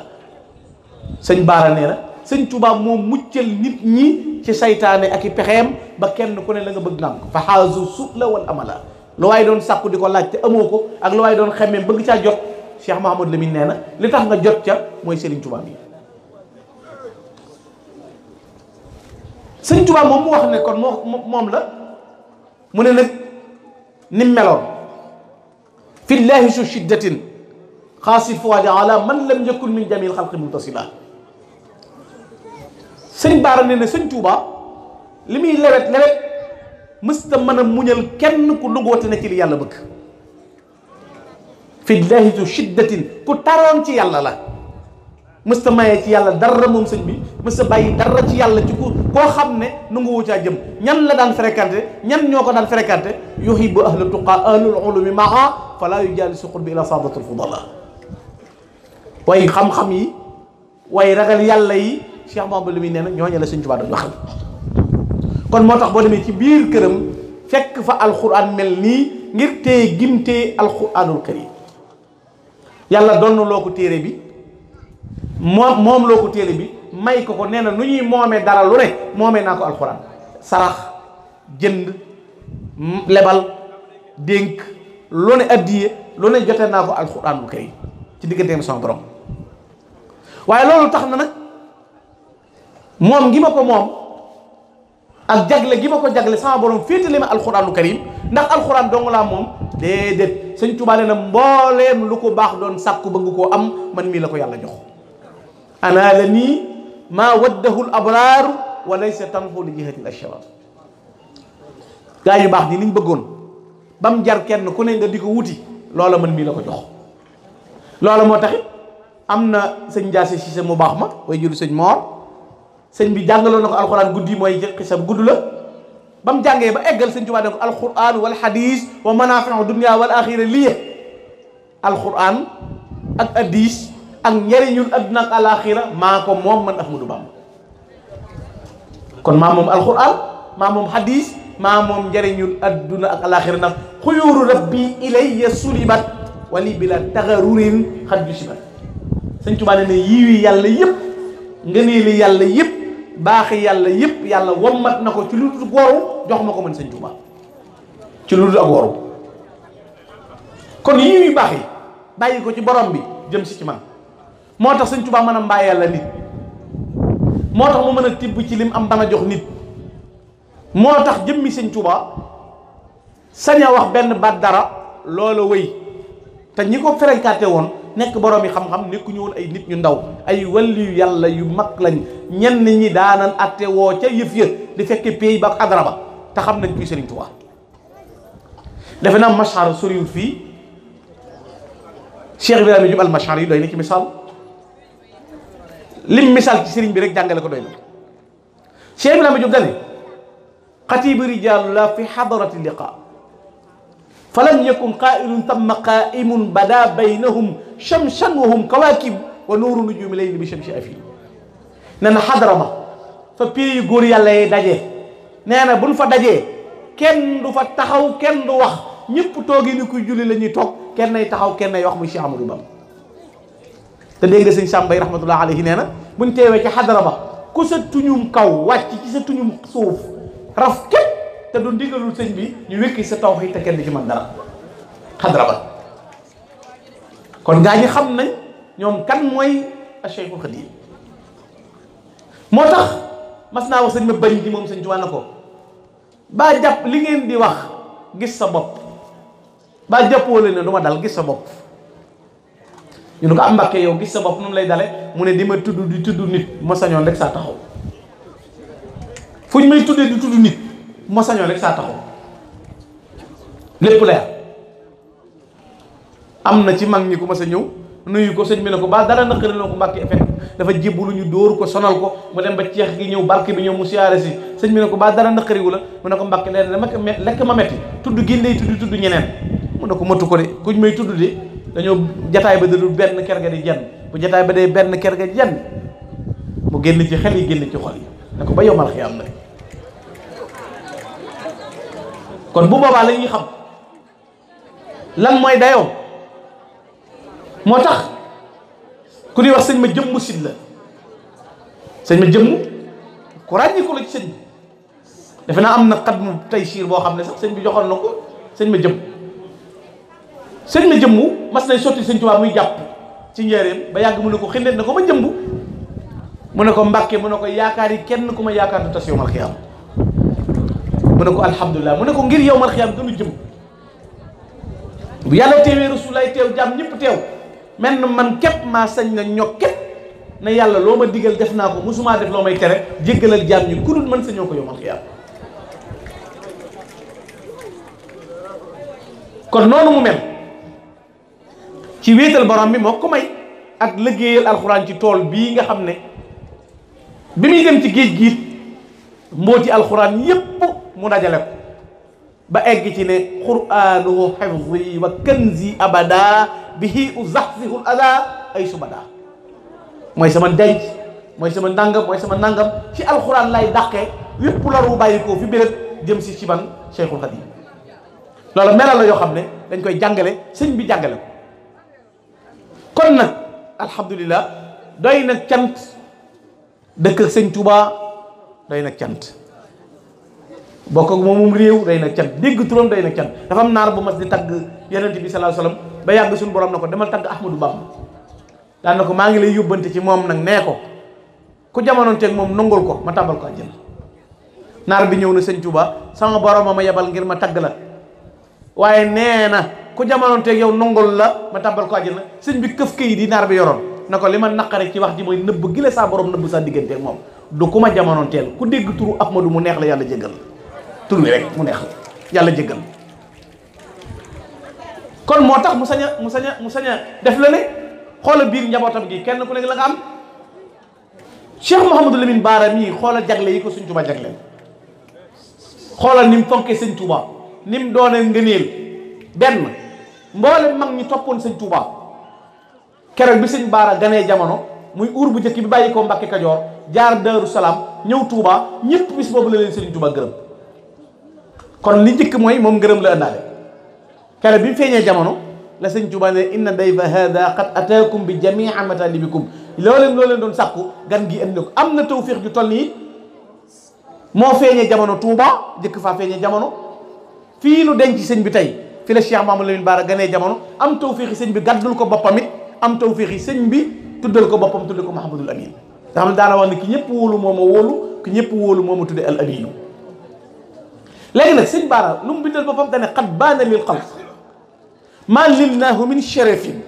sëñ Baara nee na sëñ Touba moo muccal nit ñi ci seytaane ak i pexeem ba kenn ku ne la nga bëgg nga am ko fa su la wal amala lu waaye doon sàkku di ko laaj te amoo ko ak lu waaye doon xemmee bëgg caa jot Cheikh Mahamadou Lamine nee na li tax nga jot ca mooy Serigne Touba bi sëñ Tuubaa moom mu ne kon moo moom la mu ne nag ni meloon fi llaahi su shiddatin xaasil fuwaadi ala man lam yakun min jamil mu muntasila sëñ Baara ne ne sëñ Tuubaa li muy lewet lewet mësta mën a muñal kenn ku dugoote ne ci li yàlla bëgg fi llaahi su shiddatin ku taroon ci yàlla la mësta mayee ci yàlla dara moom sëñ bi mësta bàyyi dara ci yàlla ci ku koo xam ne nanguwu caa jëm ñan la daan fréquenté ñan ñoo ko daan fréquenté yuhibbu ahlu tuqa ahlul ulumi maa fala yujalisi qurbi ila saadatul fudala waaye xam-xam yi waaye ragal yàlla yi ba Mamadou muy nee na ñooñu la Sëñ Tuubaa doon waxal kon moo tax boo demee ci biir këram fekk fa alquran mel nii ngir téye gim téye alquranul karim yàlla doon loo ko téere bi moom moom loo ko téere bi may ko ko nee na lu ñuy moomee dara lu ne moomee naa ko alxuraan sarax jënd lebal dénk lu ne addiye lu ne jote naa ko alxuraan bu karim ci digganteem sama borom waaye loolu tax na nag moom gi ma ko moom ak jagle gi ma ko jagle sama borom féetale ma alxuraanu karim ndax alxuraan dong laa moom déedéet sëñ Tuubaa nee na mbooleem lu ko baax doon sàkku bëgg koo am man mii la ko yàlla jox. ana nii maa waddahu l abraaru wa laysa tanhu li jihati l ashrar gaa yu baax ni liñ bëggoon bam jar kenn ku ne nga di ko wuti loola man mii la ko jox loola moo taxit am na sëñ si Cissé mu baax ma way juru sëñ Moor sëñ bi jàngaloon na ko alxuraan guddi mooy xisab gudd la ba mu jàngee ba eggal sëñ Tuubaa ne ko alxuraan wal xadiis wa manaafiu dunya wal axira lii alxuraan ak hadiis ak njariñul adduna ak alaaxira maa ko moom man Ahmadou Bamba kon maa moom alxuraan maa moom hadis maa moom njariñul adduna ak alaaxira nag xuyuuru rabbi ilayya sulibat wali bila taxarurin xat ju sibat sëñ Tuubaa ne ne yiwi yàlla yëpp ngëneeli yàlla yëpp baaxi yàlla yëpp yàlla wommat na ko ci lu dul jox ma ko man sëñ Tuubaa ak woru kon yiwi baax yi bàyyi ko ci borom bi jëm si ci man moo tax sëñ Tuubaa mën a mbaa yàlla nit moo tax mu mën a tibb ci lim am mën a jox nit moo tax jëmmi sëñ Tuubaa sañ a wax benn baat dara loola wéy te ñi ko fereñkaate woon nekk borom yi xam-xam nekkuñu woon ay nit ñu ndaw ay yu yàlla yu mag lañ ñenn ñi daanan atte woo ca yëf ya di fekke pay ba ak ba te xam nañ kuy sëriñ Tuubaa defe naa machar soriwul fii Cheikh Ibrahima Jub al machar yi doy na misaal lim misaal ci sëriñ bi rek jàngale ko doy na cheikh bi la ma jóg dane la fi xadarati liqa falam yakun qaa'ilun tamma qaa'imun bada baynahum shamsan wa hum kawaakib wa nuuru nujuumi layli bi shamsi afi nee na xadara ba fa pii yu góor yàlla yi nee na buñ fa daje kenn du fa taxaw kenn du wax ñëpp toogi ni kuy julli la ñuy toog kenn nay taxaw kenn nay wax muy Cheikh Amadou te dégg nga sëñ Sàmbay rahmatullah alayhi nee na buñ teewee ci xadara ba ku sa tuñum kaw wàcc ci sa tuñum suuf raf képp te du ndigalul sëñ bi ñu wékki sa tawhiid te kenn du ci man dara xadara kon gaa ñi xam nañ ñoom kan mooy Cheikhul Khadim moo tax mas naa wax sëñ ma bañ gi moom sëñ Tuubaa na ko baa jàpp li ngeen di wax gis sa bopp baa jàppoo leen ne du ma dal gis sa bopp ñu ne ko am ah, Mbàkke yow gis sa bopp nu lay dale mu ne di ma tudd di tudd nit ma sañoon rek saa taxaw fu ñu may tuddee di tudd nit ma sañoon rek saa taxaw lépp leer am na ci mag ñi ku ma sa ñëw nuyu ko sëñ bi ne ko ba dara naqari na ko Mbàkke dafa jébbalu ñu ko sonal ko mu dem ba ceex gi ñëw barke bi ñëw mu sëñ bi ne ko ba dara naqariwu la mu ne ko Mbàkke leen lekk ma metti tudd génnee tudd tudd ñeneen mu ne ko matu ko de kuñ may tudd de dañoo jataay ba dadul benn ker ga di jenn bu jataay ba dee benn ker ga jenn mu génn ci xel yi génn ci xol yi ne ko ba yomal am na kon bu boobaa la ñuy xam lan mooy dayoom moo tax ku di wax sëñ ma jëmmu sit la sëñ ma jëmmu ku ràññiku la defe naa am na xat mu boo xam ne sëñ bi joxoon na ko sëñ ma jëmm sëñ ma jëmmu mas nay sotti sëñ Tuubaa muy jàpp ci njëreem ba yàgg mu ne ko xindeet na ko ma jëmbu mu ne ko mbàkke mu ne ko yaakaar yi kenn ku ma yaakaar du tas yowmal xiyaam mu ne ko alhamdulilah mu ne ko ngir yowmal xiyaam gënu jëm bu yàlla teewee rasulaay teew jàmm ñëpp teew mel na man képp maa sañ na ñok na yàlla loo ma digal def naa ko musumaa def loo may tere jéggalal jàmm ñi ku dul man sañoo ko yowmal xiyaam kon noonu mu mel ci wéetal borom bi moo ko may ak liggéeyal alxuraan ci tool bii nga xam ne bi muy dem ci géej giit mbooti alxuraan yépp mu dajale ko ba egg ci ne quraanuhu xifzi wa kanzi abada bihi uzaxzihul ada ay subada mooy sama denc mooy sama ndàngam mooy sama ndàngam ci alxuraan lay dàqee yépp loru bàyyikoo fi béréb jëm si ci ban Cheikhul loolu melal la yoo xam ne dañ koy jàngale sëñ bi jàngale ko kon nag alhamdulilah doy nag cant dëkk ak sëñ Tuubaa nag cant bokk ak moomum réew doy nag dégg turam doy nag cant dafa am naar bu mas di tagg yonent bi sallallahu alayhi wasallam ba yàgg suñu borom na ko demal tagg Ahmadou Bamba daan na ko maa ngi lay yóbbante ci moom nag nee ko ku jamonoon teeg moom nangul ko ma tàmbal ko àjjana naar bi ñëw na sëñ Tuubaa sama borom ma yebal ngir ma tagg la waaye nee ku jamonoonteeg yow nongol la ma tàmbal ko àjjana sëñ bi këf kayit yi naar bi yoroon na ko li ma naqare ci wax ji mooy nëbb gi la saa borom nëbb saa digganteeg moom du ku ma jamonoonteel ku dégg turu Ahmadu mu neex la yàlla jéggal mu neex yàlla jéggal kon moo tax mu sañ a mu sañ mu sañ a def la ne xoola biir njabootam gi kenn ku nekk la nga am Cheikh Mouhamadou Lamine Baara mii xoolal jagle yi ko sëñ Tuuba jagleel xoolal ni mu fonkee sëñ ni mu doone benn mboole mboolem mag ñi toppoon sëñ Touba keroog bi sëñ Baara ganee jamono muy uur bu njëkk bi bàyyi ko Mbàkke Kajoor jaar Daaru Salaam ñëw Touba ñëpp bis boobu la leen sëñ Touba gërëm kon li njëkk mooy moom ngërëm la ëndaale keroog bi mu feeñee jamono la sëñ Touba ne inna dayfa hada qad ataakum bi jamii matalibikum loo leen loo leen doon sàkku gan gi indi am na tawfiix ju toll nii moo feeñee jamono Touba jëkk faa feeñee jamono fii nu denc sëñ bi tey fi la Cheikh Mamadou Lamine Bara ganee jamono am tawféexi sëñ bi gàddul ko boppam it am tawféexi sëñ bi tuddal ko boppam tudde ko Mahamadul Amin nga xam daana wax ne ki ñëpp wóolu moo ma wóolu ki ñëpp wóolu moo ma tudde al aminu léegi nag sëñ Bara lu mu bindal boppam dane xat baana lil xalq maa limnaahu min sharafin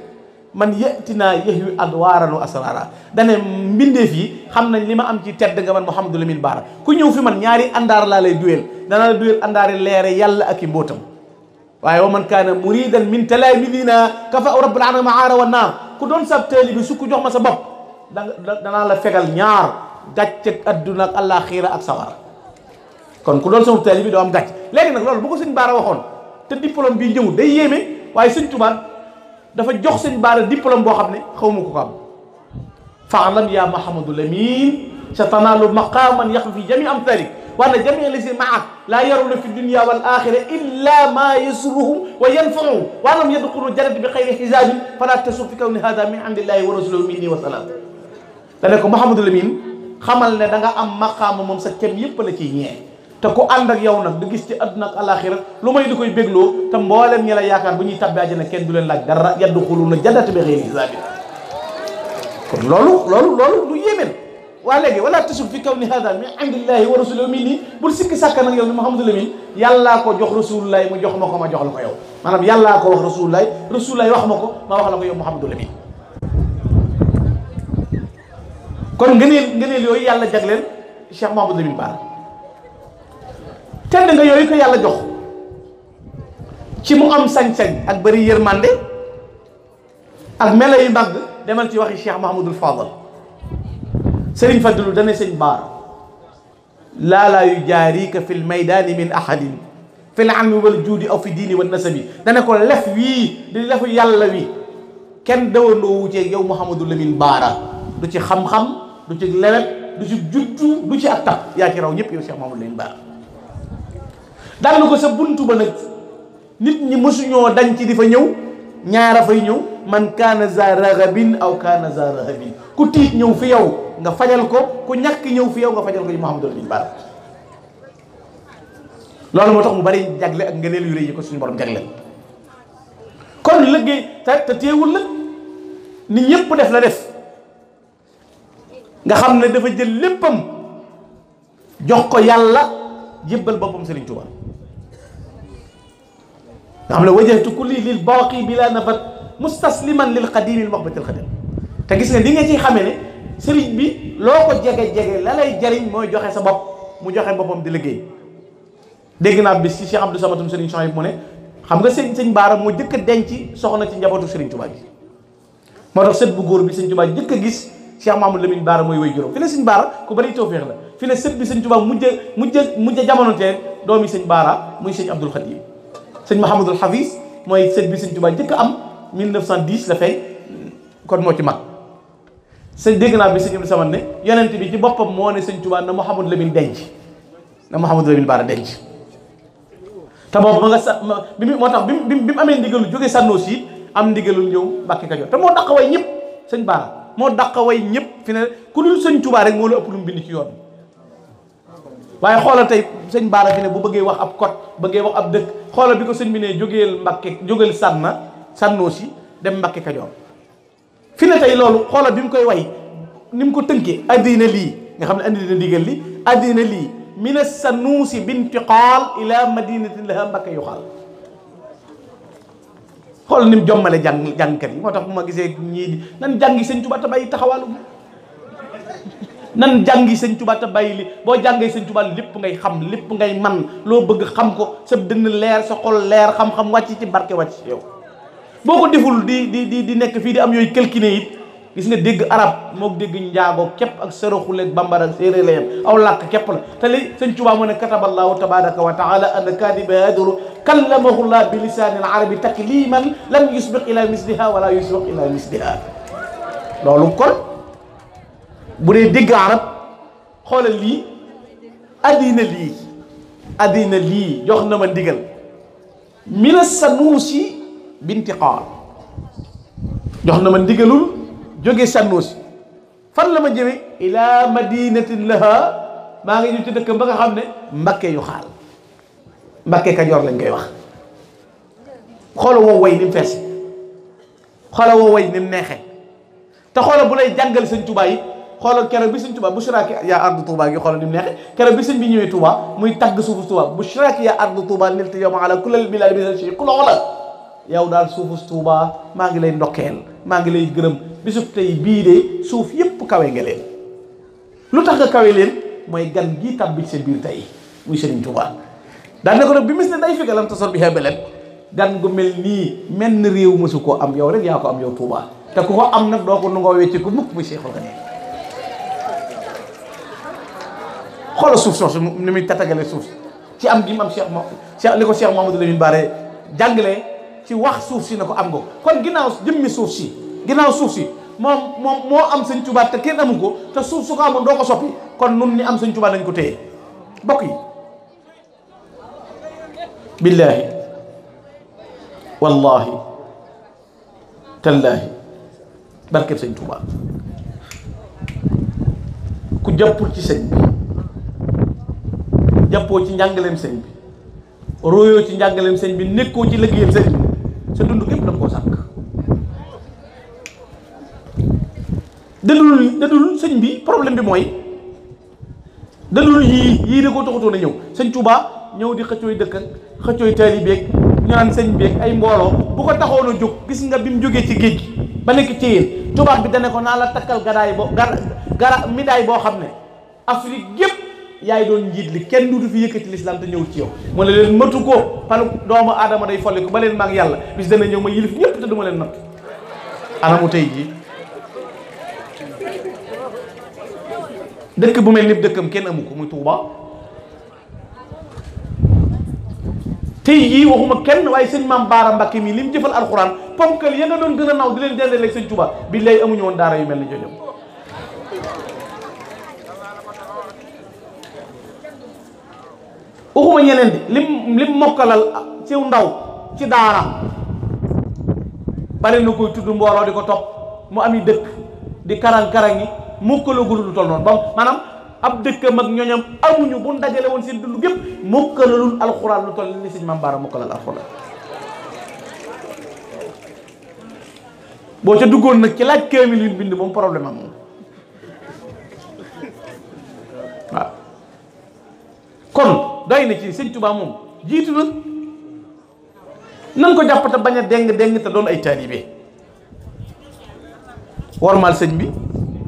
man yatinaa yahwi adwaaran wa asraara dane mbindeef fii xam nañ li ma am ci tedd nga man Mouhamadou Lamine Bara ku ñëw fi man ñaari àndaar laa dana la duweel yàlla ak i mbóotam waaye wa man kaana muridan min talamidina kafa rabbul anama aara wa naar ku doon sab teeli bi sukk jox ma sa bopp danga danaa la fegal ñaar gàcce adduna ak àllaaxira ak sawar kon ku doon sama teeli bi doo am gàcc léegi nag loolu bu ko sëñ waxoon te diplôme bi ñëw day yéeme waaye sëñ Tuubaa dafa jox sëñ baara diplôme boo xam ne xaw ma ko ko am faalam yaa Mahamadou Lamine sa tanaalu maqaaman yaqu fi jami am talik وأن جميع الذين معك لا يرون في الدنيا والآخرة إلا ما يسرهم وينفعهم وأنهم يدخلون الجنة بخير حساب فلا تسب في كون هذا من عند الله ورسوله مني وسلام لأنكم محمد الأمين xamal ne da nga am maqaama moom sa kem yëpp la ciy ñee te ku ànd ak yow nag du gis ci àdduna ak alaxira lu may di koy bégloo te mboolem ñi la yaakaar bu ñuy tabbee àjjana kenn bu leen laaj dara yadduxuluuna jannata bi xeyri hisaabi kon loolu loolu du yéemeen waa léegi wala tasuk fi kaw ni hada min indillahi wa rasulihi min nii bul sikki sàkka nag yow ni Mouhamadou Lamine yàllaa ko jox rasulullahi mu jox ma ko ma jox la ko yow maanaam yàllaa ko wax rasulullahi rasulullahi wax ma ko ma wax la ko yow Mouhamadou Lamine kon ngëneel ngëneel yooyu yàlla jagleel Cheikh Mouhamadou Lamine Bara nga yooyu ko yàlla jox ci mu am sañ-sañ ak bëri yërmande ak melo yu mag demal ci waxi Cheikh Mouhamadoul Fadal sëriñ Fadilu dana sëñ baar laalaa yu jaarika fil maydaani min ahadin fil ilmi wal juudi aw fi diini wa nasabi dana ko lef wii di lefu yàlla wi kenn dawandoo wucceeg yow Mouhamadou Lamine Baara du ci xam-xam du ci lewet du ci juddu du ci ak tab yaa ci raw ñëpp yow Cheikh Mouhamadou Lamine Baara daal ko sa buntu ba nag nit ñi mësuñoo dañ ci di fa ñëw ñaar a fay ñëw man kaana za rahabin aw kaana za ku tiit ñëw fi yow nga fajal ko ku ñàkk ñëw fi yow nga fajal ko ci Mouhamadou Lamine Bara loolu moo tax mu bari jagle ak ngëneel yu rëy yi ko suñu borom jagle kon liggéey te teewul la nit ñëpp def la def nga xam ne dafa jël léppam jox ko yàlla jébbal boppam Serigne Touba nga xam ne wajjahtu kulli lil baaqi bila nabat mustasliman lil qadimi l muhbatil qadim te gis nga li nga ciy xamee ne sëriñ bi loo ko jege-jege la lay jariñ mooy joxe sa bopp mu joxe boppam di liggéey dégg naa bis ci Cheikh Abdou Samatum sëriñ Chouaib mu ne xam nga sëñ sëñ Baara moo jëkk a denc soxna ci njabootu sëriñ Tuubaa gi moo tax sët bu góor bi sëñ Tuubaa jëkk a gis Cheikh Mamadou Lamine Baara mooy way juróom fi la sëñ Baara ku bari tawféex la fi la sët bi mu Tuubaa mujj mujj mujj jamono tee doomi sëñ Baara muy sëñ Abdul Xaadim sëñ Mahamadul Hafiz mooy sët bi sëñ Tuubaa njëkk am 1910 la feeñ kon moo ci mag sëñ dégg naa bi sëñ Abdou Samad ne yonent bi ci boppam moo ne sëñ Tuubaa na Mouhamadou Lamine denc na Mouhamadou Lamine Bara denc te boobu ma nga sa bi moo tax bi bi bi mu amee ndigalul jógee sànnoos it am ndigalul ñëw Mbàkke jot te moo dàq way ñëpp sëñ Bara moo dàq way ñëpp fi ne ku dul sëñ Tuubaa rek moo la ëpp lu mu bind ci yoon waaye xoolal tey sëñ baala fi ne bu bëggee wax ab kot bëggee wax ab dëkk xoolal bi ko sëñ bi ne jógeel Mbakke jógeel Sànna Sànnoosi dem Mbakke Kajoor fi ne tey loolu xoolal bi mu koy way ni mu ko tënkee addina lii nga xam ne andi na ndigal li addina lii mina Sànnuusi bintiqaal ila madinatin laha Mbakke yu xaal xool ni mu jommale jàng jàngkat yi moo tax bu ma gisee ñii nan jàngi sëñ Tuubaa te bàyyi taxawaalu nan jàngi sëñ Tuubaa te bàyyi li boo jàngee sëñ lépp ngay xam lépp ngay man loo bëgg xam ko sa dënn leer sa xol leer xam-xam wàcc ci barke wàcc yow boo ko deful di di di di nekk fii di am yooyu quelqu'un it gis nga dégg arab moog dégg njaago képp ak saraxuleeg bambara séeréer la yem aw làkk képp la te li sëñ Tuubaa mu ne kataballaahu tabaraka wa taala an kaadiba yadru kallamahu llah bi lisaanil arabi takliman lam yusbiq ila misliha wala yusbiq ila misliha loolu kon bu dee dégg arab xoolal lii addina lii addina lii jox na ma ndigal mina sanuusi bintiqaal jox na ma ndigalul jóge sanuusi fan la ma jëme ila madinatin laha maa ngi ñëw ci dëkk ba nga xam ne mbakke yu xaal mbakke kajoor lañ koy wax xoola woo way ni fees xoola woo way ni neexe te xoola bu lay jàngal sëñ Tuubaa xoolal keroog bi sëñ Touba bushraaki yaa ardu Touba gi xoolal ni mu neexee keroog bi sëñ bi ñëwee Touba muy tagg suufu Touba bushraaki yaa ardu Touba nilti yow ma ala kulal bilal bi si ku la yow daal suufu Touba maa ngi lay ndokkeel maa ngi lay gërëm bisub tey bii de suuf yépp kawe nga leen lu tax nga kawe leen mooy gan gii tàbbi seen biir tey muy sëriñ Touba daan na ko nag bi mis ne day fi galam tasor bi xeebeleen gan gu mel nii menn réew mësu koo am yow rek yaa ko am yow Touba te ku ko am nag doo ko nu ngoo wecci mukk muy Seexul xoolal suuf soosu ni muy tatagale suuf ci am gi mam Cheikh ma Cheikh li ko Cheikh Mamadou Lamine Bara jàngale ci wax suuf si ne ko am nga kon ginnaaw jëmmi suuf si ginnaaw suuf si moom moo am Sëñ Tuubaa te kenn amu ko te suuf su ko amoon doo ko soppi kon nun ni am Sëñ Tuubaa nañ ko téye bokk yi billaahi wallaahi tallaahi barkeb Sëñ Tuubaa ku jàppul ci sëñ jàppoo ci njàngaleem sëñ bi royoo ci njàngaleem sëñ bi nekkoo ci liggéeyam sëñ bi sa dund gépp da koo sànq dadul dadul sëñ bi problème bi mooy dadul yii yii da koo taxutoon a ñëw sëñ Touba ñëw di xëccooy dëkk ak xëccooy taalibeeg ñu naan sëñ beeg ay mbooloo bu ko taxoon a jóg gis nga bi mu jógee ci géej gi ba nekk ci tubaab bi dane ko naa la takkal gadaay bo gara gara midaay boo xam ne Afrique gépp yaay doon njiit li kenn duutu fi yëkkati lislaam te ñëw ci yow mu ne leen matu ko palu doomu aadama day folliku ba leen maag yàlla bis dana ñëw ma yilif ñëpp te duma leen natt anamu tey jii dëkk bu mel ni dëkkam kenn amu ko muy Tuuba tey jii waxuma kenn waaye sëñ maam Baara Mbàkke mi li mu jëfal alxuraan ponkal ya nga doon gën a naw di leen dendaleeg sëñ Tuuba bi lay amuñu woon daara yu mel ni jooju uxuma ñeneen di lim lim mokkalal ci ndaw ci daara bari na koy tudd mbooloo di ko topp mu ami dëkk di karang-karang yi mokkalagul lu toll noonu ba maanaam ab dëkkam ak ñoñam amuñu bu dajale woon seen dund gépp mokkalalul alxuraan lu toll ni sëñ Maam Baara mokkalal alxuraan boo ca duggoon nag ci laaj kaamil yu bind moom problème moom doy na ci sëñ Tuubaa moom jiitu na nan ko jàpp te bañ a déng déng te doon ay taalibe warmal sëñ bi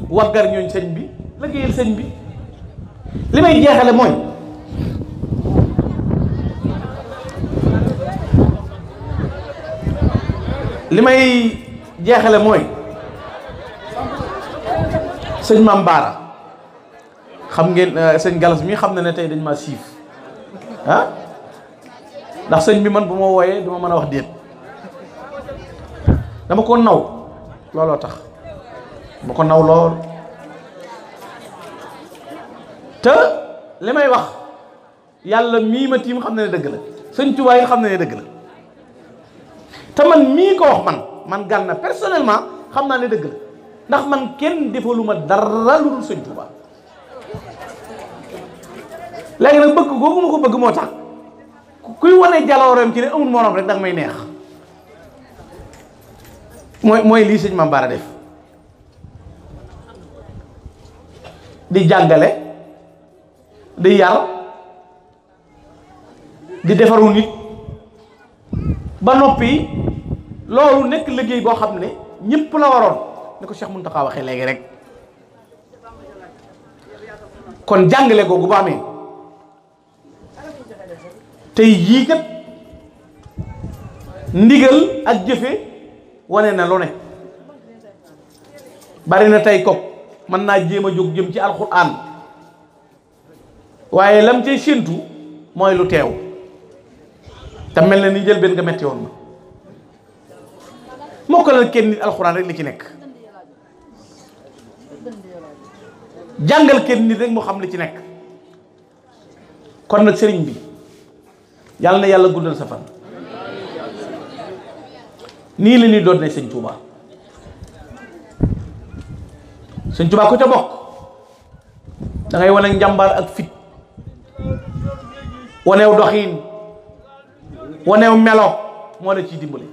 waggar ñooñ sëñ bi liggéeyal sëñ bi li may jeexale mooy li may jeexale mooy sëñ Maam Baara xam ngeen euh, sëñ Galas mi xam na ne tey dañ ma siif ah ndax sëñ bi man bu ma wooyee duma mën a wax déet dama ko naw looloo tax dama ko naw lool te li may wax yàlla mii ma tiim xam na dëgg la sëñ Tuubaa yi xam na ne dëgg la te man mii ko wax man man Gana personnellement xam naa ne dëgg la ndax man kenn defaluma dara lu dul sëñ Tuubaa léegi nag bëgg googu ko bëgg moo tax kuy wane jalooreem ci ne amul morom rek danga may neex mooy mooy lii sëñ Mame Bara def di jàngale di yar di defaru nit ba noppi loolu nekk liggéey boo xam ne ñëpp la waroon ni ko Cheikh Mountakha waxee léegi rek kon jàngale googu ba amee tey yii kat ndigal ak jëfe wane na lu ne bari na tey ko mën naa jéem a jóg jëm ci alxuraan waaye lam cay séentu mooy lu teew te mel na ni njëlbeen nga metti woon ma mokkalal kenn nit alxuraan rek li ci nekk jàngal kenn nit rek moo xam li ci nekk kon nag sëriñ bi yàlla na yàlla guddal sa fan nii la ñuy doon ne sëñ Touba sëñ Touba ku ca bokk da wane njàmbar ak fit waneew doxiin waneew melo moo la ciy dimbale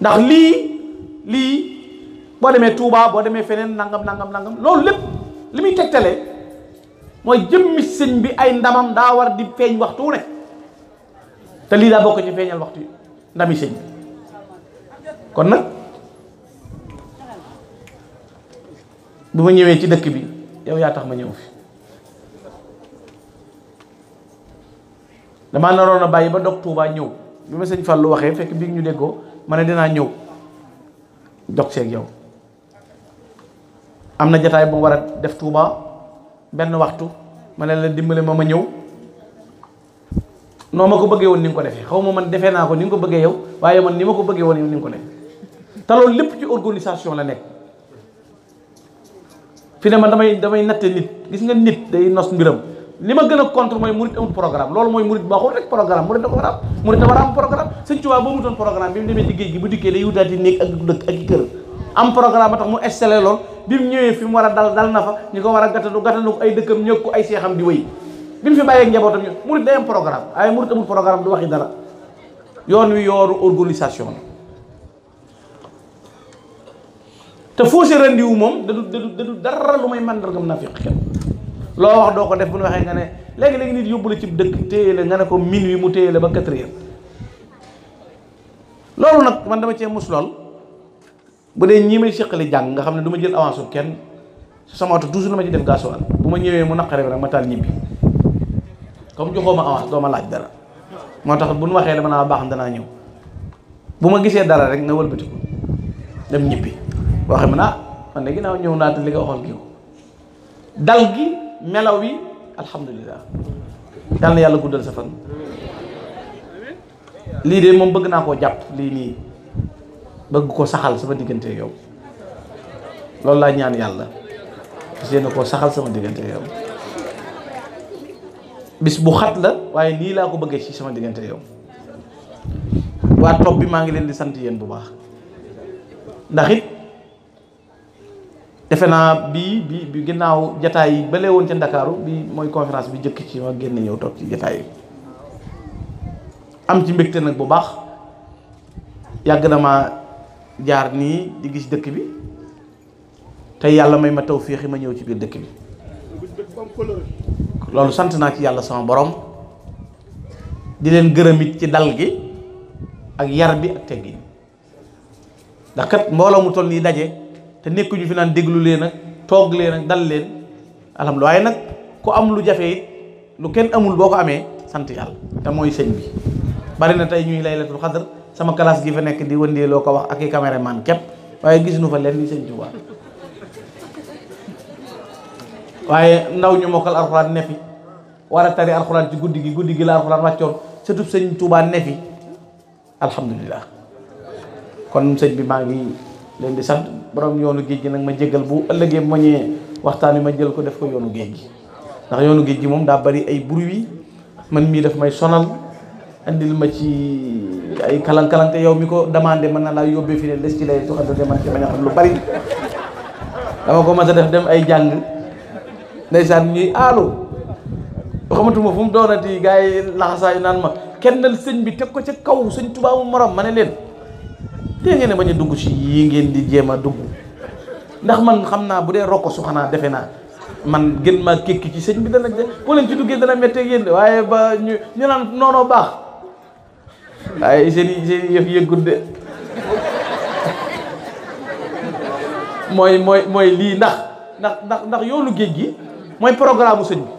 ndax lii lii boo demee Touba boo demee feneen nangam nangam nangam loolu lépp li muy tegtale mooy jëmmi sëñ bi ay ndamam daa war di feeñ waxtu ne te lii daa bokk ci feeñal waxtu yi ndami sëñ kon nag bu ma ñëwee ci dëkk bi yow yaa tax ma ñëw fi damaa naroon a bàyyi ba dog Tuubaa ñëw bi ma sëñ Fallou waxee fekk bi ñu déggoo ma ne dinaa ñëw dog seeg yow am na jataay bu mu war a def Tuubaa benn waxtu ma ne la dimbale ma ma ñëw noo ma ko bëggee woon ni nga ko defee xaw ma man defee naa ko ni nga ko bëggee yow waaye man ni ma ko bëggee woon yow ni ko defee te loolu lépp ci organisation la nekk fi ne man damay damay natte nit gis nga nit day nos mbiram li ma gën a contre mooy murit amul programme loolu mooy murit baaxul rek programme murit da ko war a am murit da war a am programme sëñ Tuubaa boo mutoon programme bi mu demee ci bu dikkee day wutaati dëkk ak kër tax mu installé lool bi mu ñëwee fi mu war a dal dal na fa ñi ko war a gàttandu gàttandu ay dëkkam ñëkku ay seexam di wéy bi mu fi bàyyee njabootam ñu murit day am programme waaye murit amul programme dara yoon wi yooru organisation te faussé rendiwu moom dadu dadu dadu dara lu may màndargam nafiq kenn loo wax doo ko def bu ñu waxee nga ne léegi-léegi nit yóbbu la ci dëkk téye la nga ne ko min wi mu téye la ba quatre heures loolu nag man dama cee mus lool bu dee ñii may seqali jàng nga xam ne du jël avance bu kenn sama oto toujours la ma ci def gasoil bu ma ñëwee mu naqare bi nag ma taal ñibbi comme joxoo ma avance doo ma laaj dara moo tax bu nu waxee dama naa baax na danaa ñëw bu ma gisee dala rek na wëlbati ko dem ñibbi boo xam ne ah man de ginnaaw ñëw naa te nga waxoon kii dal gi melaw yi alhamdulilah yal yàlla guddal sa fan lii de moom bëgg naa koo jàpp lii nii. bëgg ko saxal sama diggante yow loolu laa ñaan yàlla parce que koo saxal sama diggante yow bis bu xat la waaye nii laa ko bëggee ci sama diggante yow waa topp bi maa ngi leen di sant yéen bu baax ndax it defe naa bii bi bi ginnaaw jataay yi balee woon ca Ndakaaru bi mooy conférence bi jëkk ci ma génn ñëw toog ci jataay yi am ci mbégte nag bu baax yàgg na jaar nii di gis dëkk bi te yàlla may ma taw yi ma ñëw ci biir dëkk bi loolu sant naa ci yàlla sama borom di leen gërëm it ci dal gi ak yar bi ak teggi ndax kat mbooloo mu toll nii daje te nekkuñu fi naan déglu leen ak toog leen ak dal leen alhamdulilah waaye nag ku am lu jafe it lu kenn amul boo ko amee sant yàlla te mooy sëñ bi bari na tey ñuy laylatul xadr sama classe gi fa nekk di loo ko wax ak i caméraman képp waaye gis nu fa leen ni sëñ Tuubaa waaye ndaw ñu mokkal alxuraan ne war a tari alxuraan ci guddi gi guddi gi la alxuraan wàccoon surtout Tuubaa ne fi kon sëñ bi maa ngi leen di sant borom yoonu géej gi nag ma jégal bu ëllëgee ma ñëwee waxtaan wi ma jël ko def ko yoonu géej gi ndax yoonu géej gi moom daa bari ay bruit man mii daf may sonal. andil ma ci ay kalan-kalante yow mi ko demandé mën na laa yóbbee fi ne les ci lay tuxante man ci bañ a xam lu bari dama ko mas def dem ay jàng ndeysaan ñuy aalu mu doonati gars yi ma kennal sëñ bi teg ko ca kaw sëñ tubaabu morom ma ne leen te ngeen ne bañ ci yii ngeen di a dugg ndax man xam naa bu dee rokko su xanaa defe naa man gën ma kékki ci sëñ bi dana boo leen waaye ba ñu ñu naan noonoo baax waaye seen i seen yëf yëggut de mooy mooy mooy lii ndax ndax ndax ndax yoonu géej gi mooy programme sëñ bi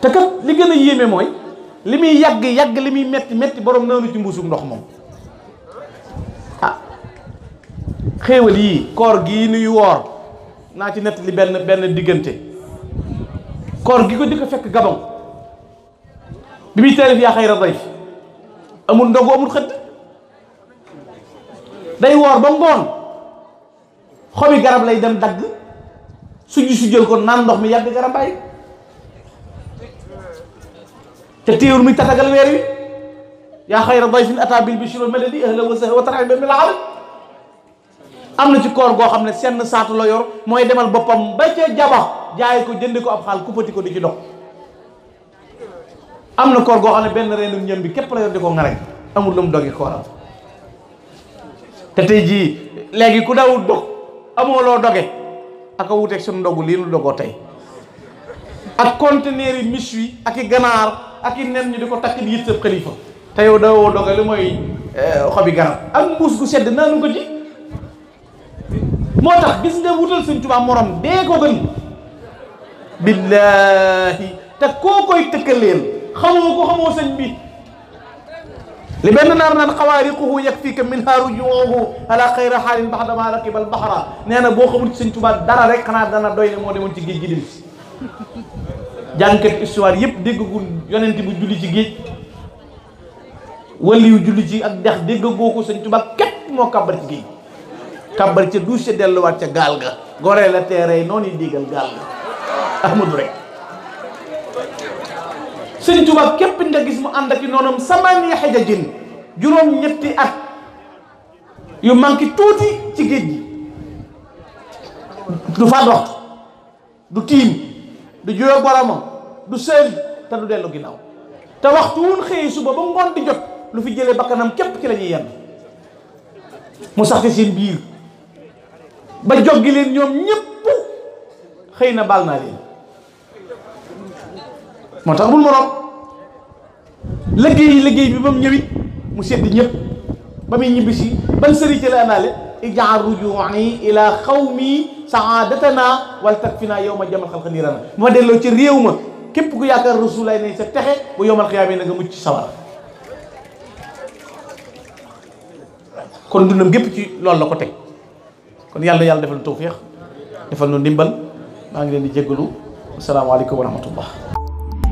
te kat li gën a yéeme mooy li muy yàgg yàgg li muy metti metti borom naanu ci mbuusum ndox moom ah xéewal yii koor gi nuy woor naa ci nett li benn benn diggante koor gi ko di ko fekk gabon bi muy taalif yaa xayra day amul ndogu amul xëdd day woor ba ngoon xobi garab lay dem dagg suñu su jël ko naan ndox mi yàgg garab bàyyi te téewul muy tatagal weer wi yaa xayra dayfin ataa bil bishri wal madadi ahlan wa sahlan wa tarhiiban bil aalamiin am na ci koor goo xam ne seen saatu la yor mooy demal boppam ba ca jaba jaay ko jënd ko ab xaal kuppati ko di ci dox am na koor goo xam ne benn reenum ñëm bi képp la di ko ngarañ amul lu mu dogi kooram te tey jii léegi ku daawut dog amoo loo doge aka wuteeg suñu ndogu lii nu dogoo tey ak conteneur yi mis wi ak i ganaar ak i nen ñu di takk di yit sab xalifa te yow daawoo doge lu mooy eh, xobi garab ak mbuus gu sedd naanu ko ci moo tax bis nga wutal suñ tubaab morom dee ko gën billaahi te koo koy tëkkaleel xamoo ko xamoo sëñ bi li benn naar naan xawaariquhu yakfika minha rujuuhu ala xayra xaalin baxdama raqiba albaxra nee na boo xamul ci sëñ Tuubaa dara rek xanaa dana doy ne moo demoon ci géej gi si jàngkat histoire yëpp déggagul yonent bu julli ci géej waliyu julli ci ak dex déggagoo ko sëñ Tuubaa képp moo kàbbar ci géej kàbbar ca duus ca delluwaat ca gaal ga goree la teere noonu yi digal gaal ga ahmadu rek sëñ Tuubaa képp nga gis mu ànd ak i noonam samaaniya xajajin juróom ñetti at yu manqué tuuti ci géej gi du fa dox du tiim du juyoo boromam du sël te du dellu ginnaaw te waxtu wun xëy suba ba ngoon di jot lu fi jëlee bakkanam képp ci la ñuy yenn mu sax ci seen biir ba joggi leen ñoom ñëpp xëy na baal naa leen moo tax amul morom liggéey liggéey bi ba mu ñëwit mu sedd ñëpp ba muy ñibbi si ban sëriñ ci la andaale ijaal rujuuni ila xawmi saadatana wal yow ma jamal xalqa niirana bu ma delloo ci réew ma képp ku yaakaar rasulaay ne sa texe bu yowmal xiyaamee na nga mucc sawar kon dundam gépp ci loolu la ko teg kon yàlla yàlla defal nu tawféex defal nu ndimbal maa ngi leen di jéggalu asalaamaaleykum wa rahmatullah